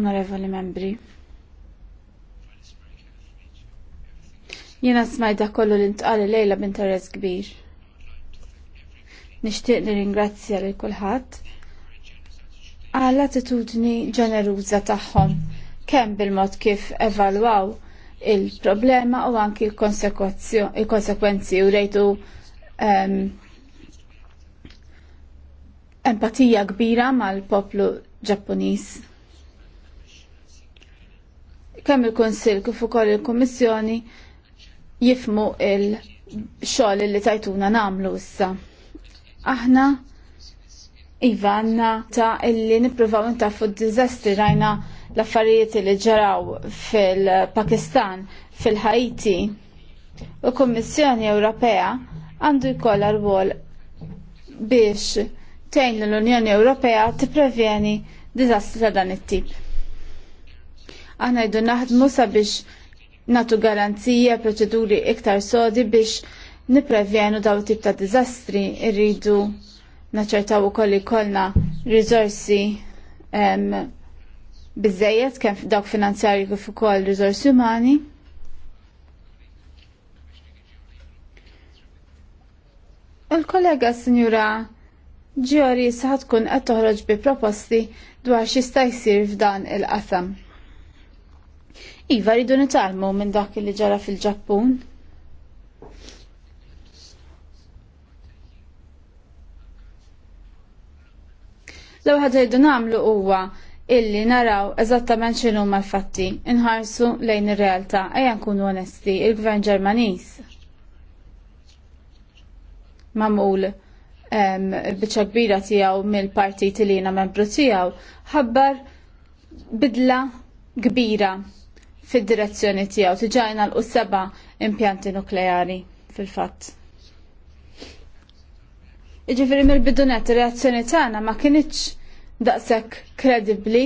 Onorevoli Membri. Jiena smajda kollu li ntqali lejla b'interess kbir. Nixtieq nirringrazzja lil kulħadd għall attitudni ġeneruża tagħhom kemm bil-mod kif evalwaw il-problema u anki il-konsekwenzi u rejtu um, empatija kbira mal-poplu Ġappuniż. Kemm il-Konsil kif ukoll il-Kummissjoni jifmu il-xogħol li tajtuna nagħmlu issa. Aħna Ivanna ta' illi nippruvaw intafu d-diżastri rajna l-affarijiet li ġaraw fil-Pakistan, fil-Haiti. U Kommissjoni Ewropea għandu jkollha rwol biex tgħin l-Unjoni Ewropea tippreveni diżastri ta' dan it-tip. Aħna jdu naħdmu sabiex natu garanzija proċeduri iktar sodi biex niprevjenu daw tip ta' diżastri irridu naċċertaw ukoll li kollna riżorsi bizzejiet kemm dawk finanzjarji kif ukoll riżorsi umani. U l kollega Sinjura Giori saħat tkun qed toħroġ bi proposti dwar x'jista' jsir f'dan il-qasam. Iva rridu nitalmu minn dak li ġara fil-Ġappun. L-ewwel rridu nagħmlu huwa illi naraw eżattament x'inhu mal-fatti, inħarsu lejn ir-realtà ejja nkunu onesti, il-Gvern Ġermaniż mamul biċċa kbira tiegħu mill-partit li jiena membru tiegħu ħabbar bidla kbira fid-direzzjoni tiegħu tiġajna l seba' impjanti nukleari fil-fatt. Iġifieri mill-bidunet ir-reazzjoni tagħna ma kienitx daqshekk kredibbli,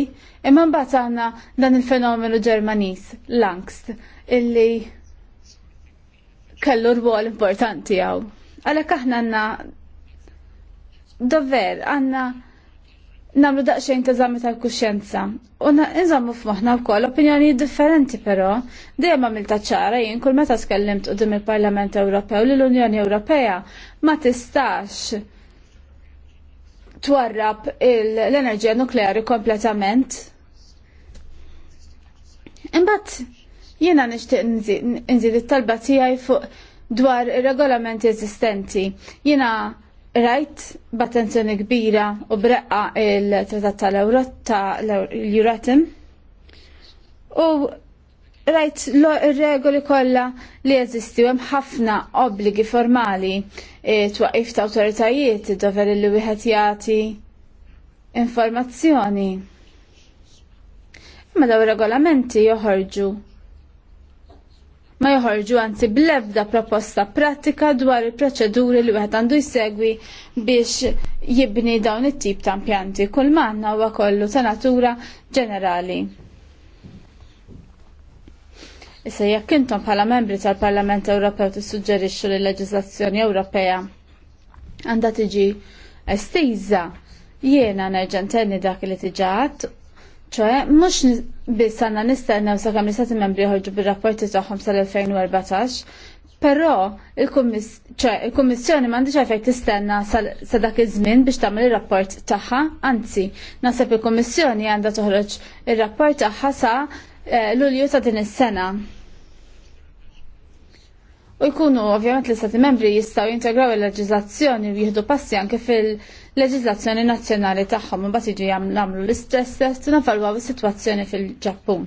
imma mbagħad għandna dan il-fenomenu Ġermaniż, l-angst, illi kellu rwol importanti għaw. Għalhekk aħna għandna dover, għandna nagħmlu daqsxejn teżami tal-kuxjenza. U nżammu f'moħħna wkoll opinjoni differenti però, dejjem għamilta ċara jien kull meta tkellimt qudiem il-Parlament Ewropew li l-Unjoni Ewropea ma tistax twarrab l-enerġija nukleari kompletament. Imbagħad jiena nixtieq nżid it-talba tiegħi fuq dwar regolamenti eżistenti. Jiena rajt b'attenzjoni kbira u breqqa il tratat tal-Euratim u rajt regoli kollha li jazisti, għem ħafna obbligi formali e, twaqif ta' awtoritajiet dover li wieħed jagħti informazzjoni. Imma daw regolamenti joħorġu ma joħorġu anzi bl-ebda proposta pratika dwar il-proċeduri li wieħed għandu jsegwi biex jibni dawn it-tip ta' impjanti kull manna huwa kollu ta' natura ġenerali. Issa jekk intom bħala membri tal-Parlament Ewropew tissuġġerixxu li l-leġiżlazzjoni Ewropea għandha tiġi estiża jiena nerġa' ntenni dak li tiġat, ċoe mhux biss għandna nistennew sakemm l-istati membri jħorġu bir-rapporti tagħhom sal-2014, però il-Kummissjoni m'għandix għalfejn tistenna sa dak iż-żmien biex tagħmel ir-rapport tagħha, anzi, naħseb il-Kummissjoni għandha toħroġ ir-rapport tagħha sa eh, Lulju ta' din is-sena. U jkunu ovvjament l-istati membri jistaw jintegraw il-leġizlazzjoni u jihdu passi anke fil-leġizlazzjoni nazzjonali tagħhom u bat jiġu jagħmlu l-istress test u navalwaw is-sitwazzjoni fil-Ġappun.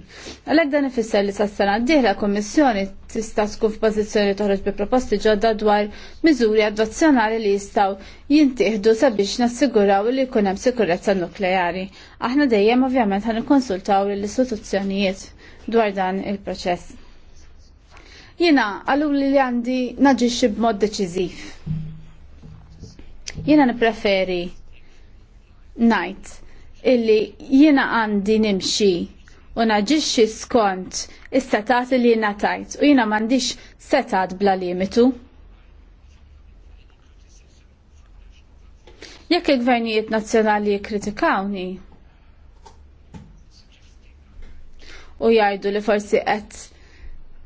Għalhekk dan ifisser li sas-sena d-dieħla kummissjoni tista' tkun f'pożizzjoni toħroġ bi proposti ġodda dwar miżuri addizzjonali li jistgħu jintieħdu sabiex nassiguraw li jkun hemm sikurezza nukleari. Aħna dejjem ovvjament ħan ikkonsultaw lill-istituzzjonijiet dwar dan il-proċess jina għallu li għandi naġiċi b'mod deċiziv. Jina nipreferi najt illi jina għandi nimxi u naġiċi skont istatat li jina tajt u jena mandiċ setat bla limitu. Jekk il-gvernijiet nazzjonali jikritikawni u jgħidu li forsi qed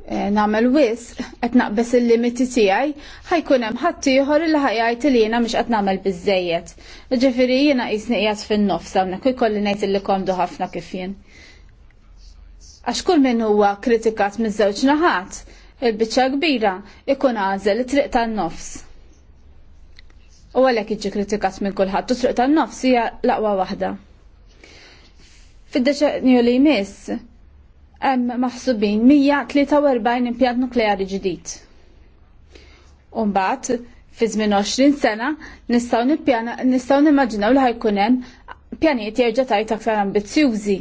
Eh, namel wisq qed naqbes il-limiti tiegħi ħajkun hemm ħadd ieħor li ħajajt li jiena mhux qed nagħmel biżejjed. Ġifieri jiena qisni qiegħed fin-nofs hawnhekk jkolli ngħid illi komdu ħafna kif jien. Għax kull min huwa kritikat miż-żewġ naħat, il-biċċa kbira ikun għażel it-triq tan-nofs. U għalhekk jiġi kritikat minn kulħadd u triq tan-nofs hija l-aqwa waħda. Fid-deċenju li jmiss, hemm maħsubin 143 impjant nukleari ġdid. Umbat, fi żmien 20 sena nistgħu nistgħu nimmaġinaw li ħajkun hemm pjanijiet jerġa' tajt aktar ambizzjużi.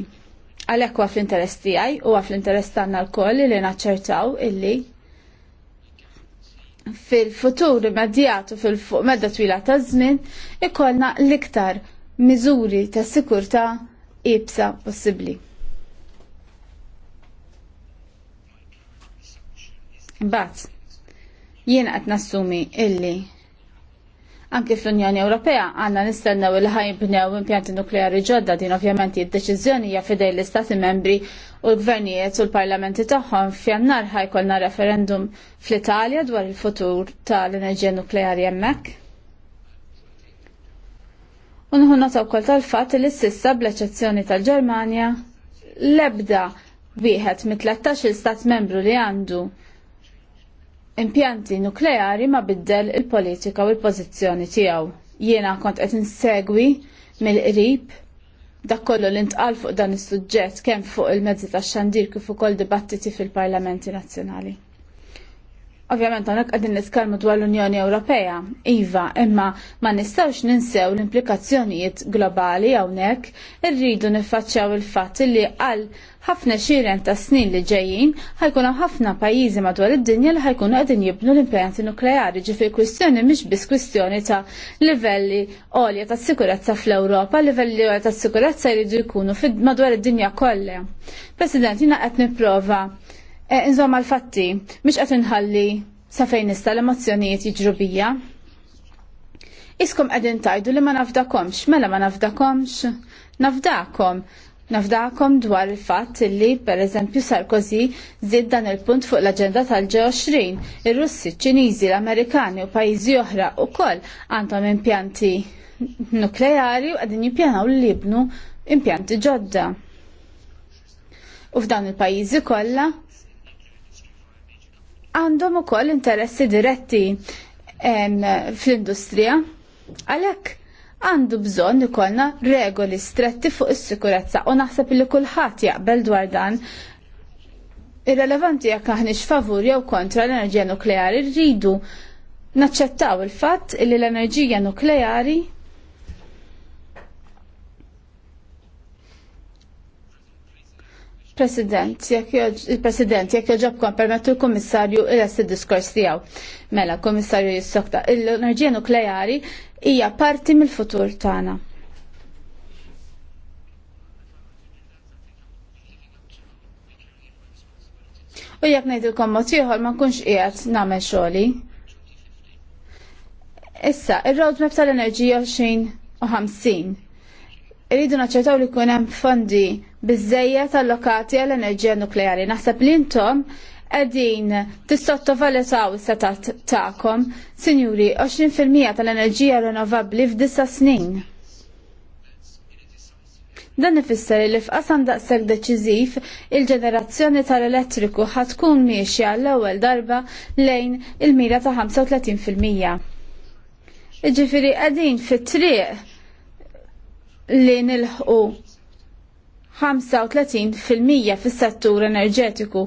Għalhekk huwa fl-interess tiegħi u fl-interess tagħna lkoll li naċċertaw illi fil-futur immedjat u fil-fuq medda twila ta' żmien ikollna l-iktar miżuri ta' sikurtà ibsa possibbli. Bat, jiena qed nassumi illi Anki fl-Unjoni Ewropea għanna nistennew il ħajbnew impjanti nukleari ġodda din ovvjament id-deċiżjoni hija fidej l-Istati membri u l-gvernijiet u l-parlamenti tagħhom f'jannar ħajkolna referendum fl-Italja dwar il-futur tal-enerġija nukleari hemmhekk. U nħu nota wkoll tal-fatt li s-sissa bl-eċezzjoni tal-Ġermanja l-ebda wieħed mit-13 il-Stat membru li għandu impjanti nukleari ma biddel il-politika u l-pożizzjoni tiegħu. Jiena kont qed insegwi mill-qrib dak kollu li ntqal fuq dan is-suġġett kemm fuq il-mezzi tax-xandir kif ukoll dibattiti fil-Parlamenti Nazzjonali. Ovvjament għanak għadin niskalmu dwar l-Unjoni Ewropea, Iva, imma ma nistawx ninsew l-implikazzjonijiet globali għonek, irridu nifacċaw il-fat li għal ħafna xiren ta' snin li ġejjin ħajkuna ħafna pajjiżi madwar id-dinja li ħajkuna għadin jibnu l-impjanti nukleari ġifir kwistjoni mhix biss kwistjoni ta' livelli għolja ta' sikurezza fl-Ewropa, livelli għolja ta' sikurezza jridu jkunu madwar id-dinja kollha. President, jina qed nipprova Eh, Insomma l-fatti, mhux qed inħalli sa fejn nista l emozjoniet jġrubija. Iskom qegħdin tajdu li ma nafdakomx, mela ma nafdakomx, nafdakom. Nafdakom dwar il-fatt li, per eżempju, Sarkozy zid dan il-punt fuq l-agenda tal-G20. Ir-Russi, ċiniżi, l-Amerikani u pajjiżi oħra u koll għandhom impjanti nukleari u għadin jippjanaw li jibnu impjanti ġodda. U f'dan il-pajjiżi kollha għandhom ukoll interessi diretti fl-industrija. Għalhekk għandu bżonn ikollna regoli stretti fuq is-sikurezza u naħseb li kulħadd jaqbel dwar dan Irrelevanti jekk aħniex favur jew kontra l-enerġija nukleari rridu naċċettaw il-fatt li l-enerġija nukleari President, il-President, jekk joġobkom permettu l-Komissarju il-est il-diskors tijaw. Mela, Komissarju jissokta, l-enerġija nukleari hija parti mill-futur tagħna. U jekk ngħidilkom mod ieħor ma nkunx qiegħed nagħmel xogħli. Issa, ir-roadmap tal-enerġija 2050. Irridu naċċertaw li kun hemm fondi bizzejja allokati għall enerġija nukleari. Naħseb li intom għedin tissottovalutaw is-setat tagħkom, sinjuri, 20% tal-enerġija rinnovabbli f'disa snin. Dan ifisser li f'qasam daqshekk deċiżiv il-ġenerazzjoni tal-elettriku tkun miexja l-ewwel darba lejn il-mira ta' 35%. Iġifieri qegħdin fit-triq li nilħqu 35% fis-settur enerġetiku.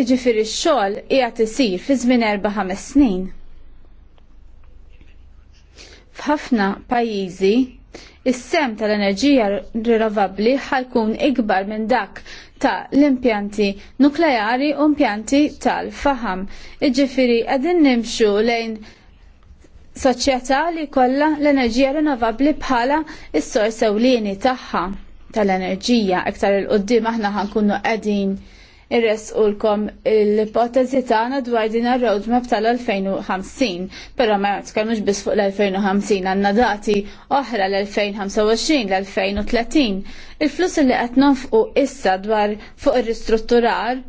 Iġifieri x-xogħol qiegħed isir fi żmien erba' ħames snin. F'ħafna pajjiżi is-sem tal-enerġija rinnovabbli ħajkun ikbar minn dak ta' l-impjanti nukleari u impjanti tal-faham. Iġifiri għadin nimxu lejn soċjetà li kollha l-enerġija rinnovabbli bħala s sors ewlieni tagħha tal-enerġija iktar il-qoddim aħna ħankunu qegħdin irresqulkom l-ipotezi tagħna dwar din ar-roadmap tal-2050, però ma tkellmux biss fuq l-2050 għandna dati oħra l-2025 l-2030. Il-flus li qed nonfqu issa dwar fuq ir-ristrutturar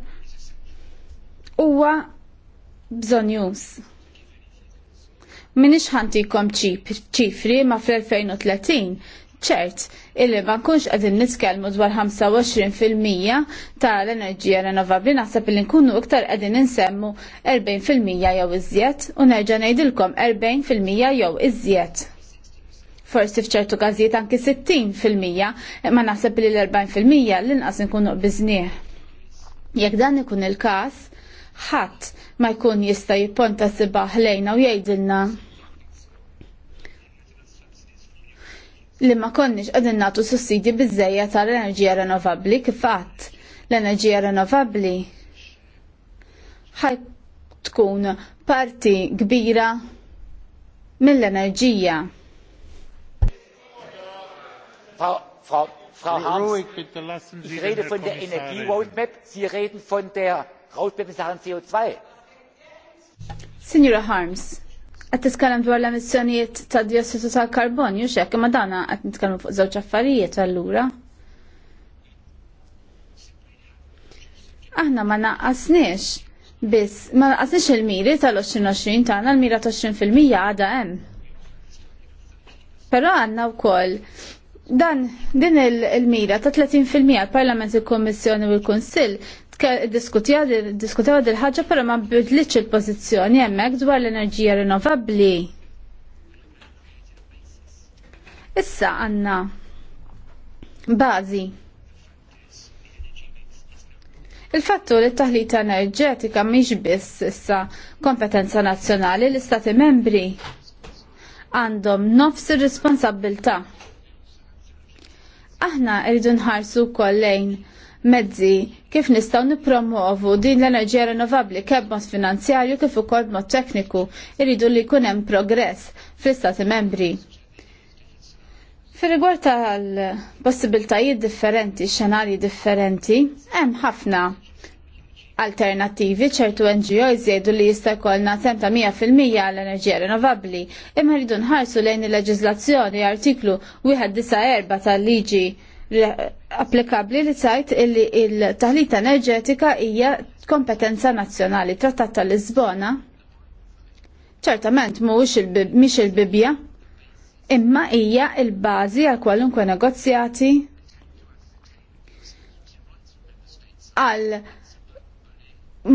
huwa bżonn Minix ħantikom ċifri ma fl-2030 ċert illi ma nkunx qegħdin niskelmu dwar 25% tal-enerġija rinnovabbli naħseb illi nkunu iktar qegħdin insemmu 40% jew iżjed u nerġa' ngħidilkom 40% jew iżjed. Forsi f'ċertu każijiet anki 60% imma naħseb li l-40% l-inqas nkunu biżnieh. Jekk dan ikun il-każ, ħadd ma jkun jista' jipponta sibaħ lejna u jgħidilna li ma konniex qegħdin nagħtu sussidji biżejja tal-enerġija renovabli kifat l-enerġija renovabli ħaj tkun parti kbira mill-enerġija. Frau, Frau Harms, ich rede von der Energie-Roadmap, Sie reden von der Roadmap in Sachen CO2. Signora Harms, Qed titkellem dwar l-emissjonijiet ta' diossidu tal-karbonju xek, imma dana qed nitkellmu fuq żewġ affarijiet allura. Aħna ma naqqasniex biss ma naqqasniex il-miri tal-2020 tagħna l-mira ta' 20% għadha hemm. Però għandna wkoll dan din il-mira ta' 30% l-Parlament, il-Kommissjoni u l-Kunsill diskutjaw dil-ħagġa pero ma bidliċ il-pozizjoni hemmhekk dwar l-enerġija rinnovabbli. Issa għanna bażi. Il-fattu li t-taħlita enerġetika mhix biss issa kompetenza nazzjonali l-Istati membri għandhom nofs ir-responsabilta. Aħna rridu nħarsu kollejn lejn mezzi kif nistgħu nippromovu din l-enerġija rinnovabbli kemm mod finanzjarju kif ukoll mod tekniku iridu li jkun hemm progress fl-istati membri. Fir-rigward tal-possibiltajiet differenti, xenarji differenti, hemm ħafna alternattivi ċertu NGOs jgħidu li jista' jkollna temp 100% għall-enerġija rinnovabbli, imma rridu nħarsu lejn il-leġiżlazzjoni artiklu 194 tal-liġi applikabli li tajt illi il-taħlita enerġetika hija kompetenza nazzjonali. Trattat tal-Lisbona ċertament mhux il-bibja, imma hija il-bażi għal kwalunkwe negozjati għal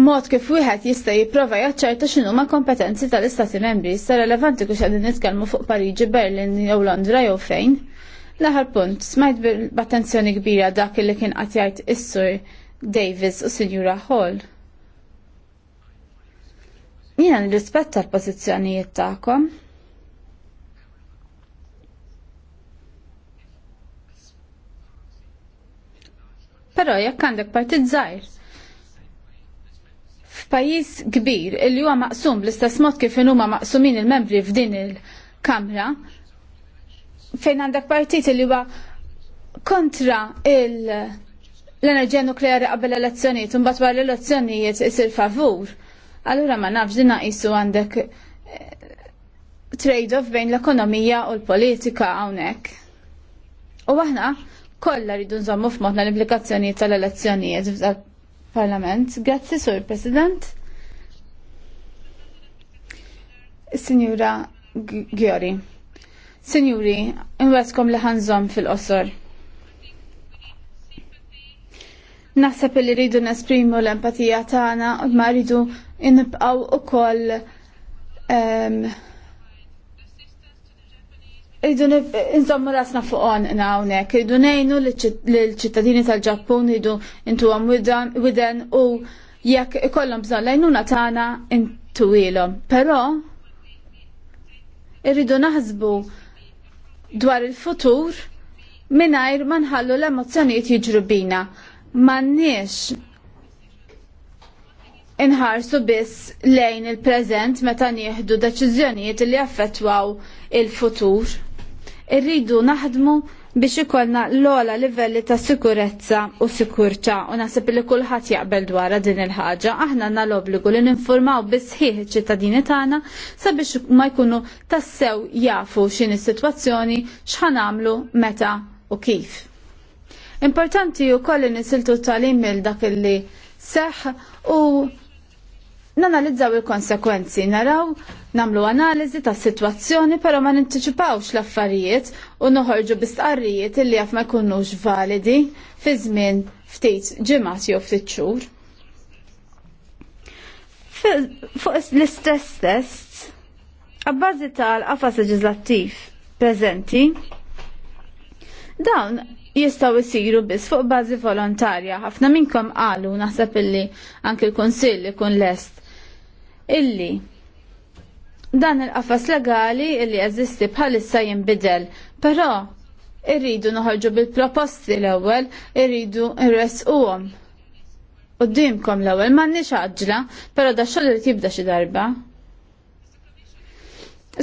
mod kif wieħed jista' jipprova jaċċerta x'inhu ma' kompetenzi tal-Istati Membri. sa' relevanti kux qegħdin nitkellmu fuq Pariġi, Berlin jew Londra jew fejn l punt, smajt b'attenzjoni kbira dak li kien qatjajt is-sur Davis u Sinjura Hall. Jena nirrispetta l-pożizzjonijiet tagħkom. Però jekk għandek partit zaħir. f'pajjiż kbir illi huwa maqsum bl-istess mod kif huma maqsumin il-membri f'din il-Kamra, fejn għandek partit li huwa kontra il l-enerġija nukleari qabel elezzjonijiet, un mbagħad wara l-elezzjonijiet isir favur. Allura ma nafx din naqisu għandek eh, trade-off bejn l-ekonomija u l-politika hawnhekk. U aħna kollha rridu nżommu f'modna l-implikazzjonijiet tal-elezzjonijiet tal parlament. Grazzi, Sur President. Signora Giori. Sinjuri, nweskom li ħanżom fil-qosor. Naħseb li rridu nesprimu l-empatija tagħna u ma rridu nibqgħu ukoll rridu nżommu rasna fuq onqna hawnhekk, irridu ngħinu lill-ċittadini tal-Ġappun rridu intuhom widen u jekk ikollhom bżonn lejnuna tagħna intuwilhom. Però irridu naħsbu dwar il-futur mingħajr ma nħallu l-emozjonijiet jiġru bina. M'għandniex inħarsu biss lejn il-preżent meta nieħdu deċiżjonijiet li affettwaw il-futur. Irridu naħdmu biex ikollna l-ola livelli ta' sikurezza u sikurtà u nasib li kulħadd jaqbel dwar din il-ħaġa. Aħna għandna l-obbligu li ninformaw bisħieħ iċ-ċittadini tagħna sabiex ma jkunu tassew jafu x'in is-sitwazzjoni x'ħan għamlu meta u kif. Importanti wkoll li nisiltu siltu tagħlim mill dak li seħħ u nanalizzaw il-konsekwenzi, naraw namlu analizi ta' situazzjoni pero ma nintiċipawx l-affarijiet u noħorġu bistqarrijiet illi għaf ma jkunux validi fi żmien ftit ġimat jew ftit xhur. Fuq l-istress test, għabbażi tal-qafas leġislattiv preżenti, dawn jistaw isiru biss fuq bażi volontarja. Ħafna minnkom qalu naħseb illi anke l-Kunsill ikun lest illi dan il-qafas legali illi jeżisti bħalissa jinbidel, però irridu noħarġu bil-proposti l-ewwel, irridu nresquhom. Qudiemkom l-ewwel m'għandniex għaġla, però da xogħol irid jibda xi darba.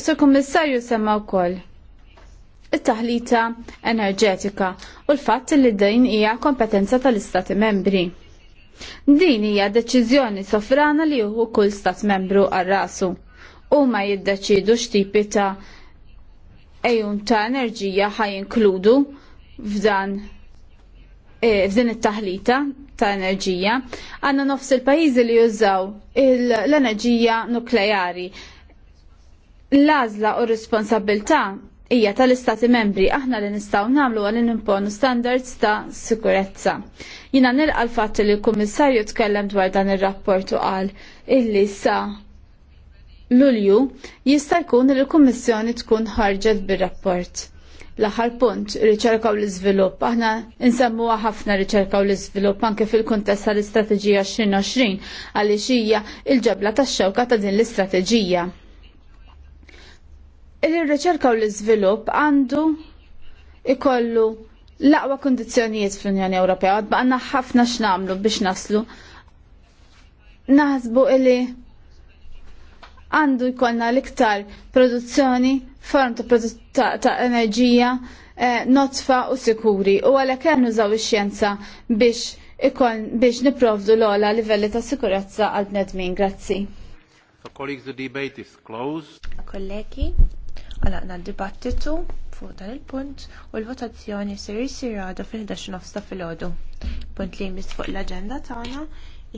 Issa kummissarju semma wkoll it-taħlita enerġetika u l-fatt li din hija kompetenza tal-Istati membri. Din hija deċiżjoni sofrana li juhu kull stat membru għal rasu u ma jiddeċidu x'tipi ta' ejun ta' enerġija ħajinkludu f'dan e, f'din it-taħlita ta' enerġija, għanna nofs il-pajizi li jużaw l-enerġija nukleari. L-azla u responsabilta hija tal-istati membri aħna li nistgħu namlu għal nimponu standards ta' sikurezza. Jina nilqa l-fatt li l-Kummissarju tkellem dwar dan ir-rapport u qal illi sa Lulju jista' jkun li l-Kummissjoni tkun ħarġet bir-rapport. L-aħħar punt, riċerka u l-iżvilupp. Aħna insemmuha ħafna riċerka u l-iżvilupp anke fil-kuntest tal-Istrateġija 2020 għaliex hija l ġabla tax-xewka ta' din l-istrateġija il-riċerka u l-izvilup għandu ikollu l-aqwa kondizjonijiet fl-Unjoni Ewropea, għadba għanna ħafna x'namlu biex naslu. Naħsbu illi għandu jkollna l-iktar produzzjoni, form ta' enerġija, eh, notfa u sikuri. U għalhekk kernu nużaw ix-xjenza biex ikon biex niprovdu l-ola livelli ta' sikurezza għal bnedmin. Grazzi. Colleagues, the debate is closed. Kollegi, Mela, għalaqna d-dibattitu fuq dan il-punt u l-votazzjoni ser jisir għada fil-11 nofs ta' filgħodu. Punt li jmiss fuq l-aġenda tagħna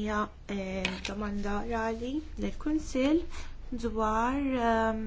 hija eh, domanda rali lill-Kunsill dwar ehm,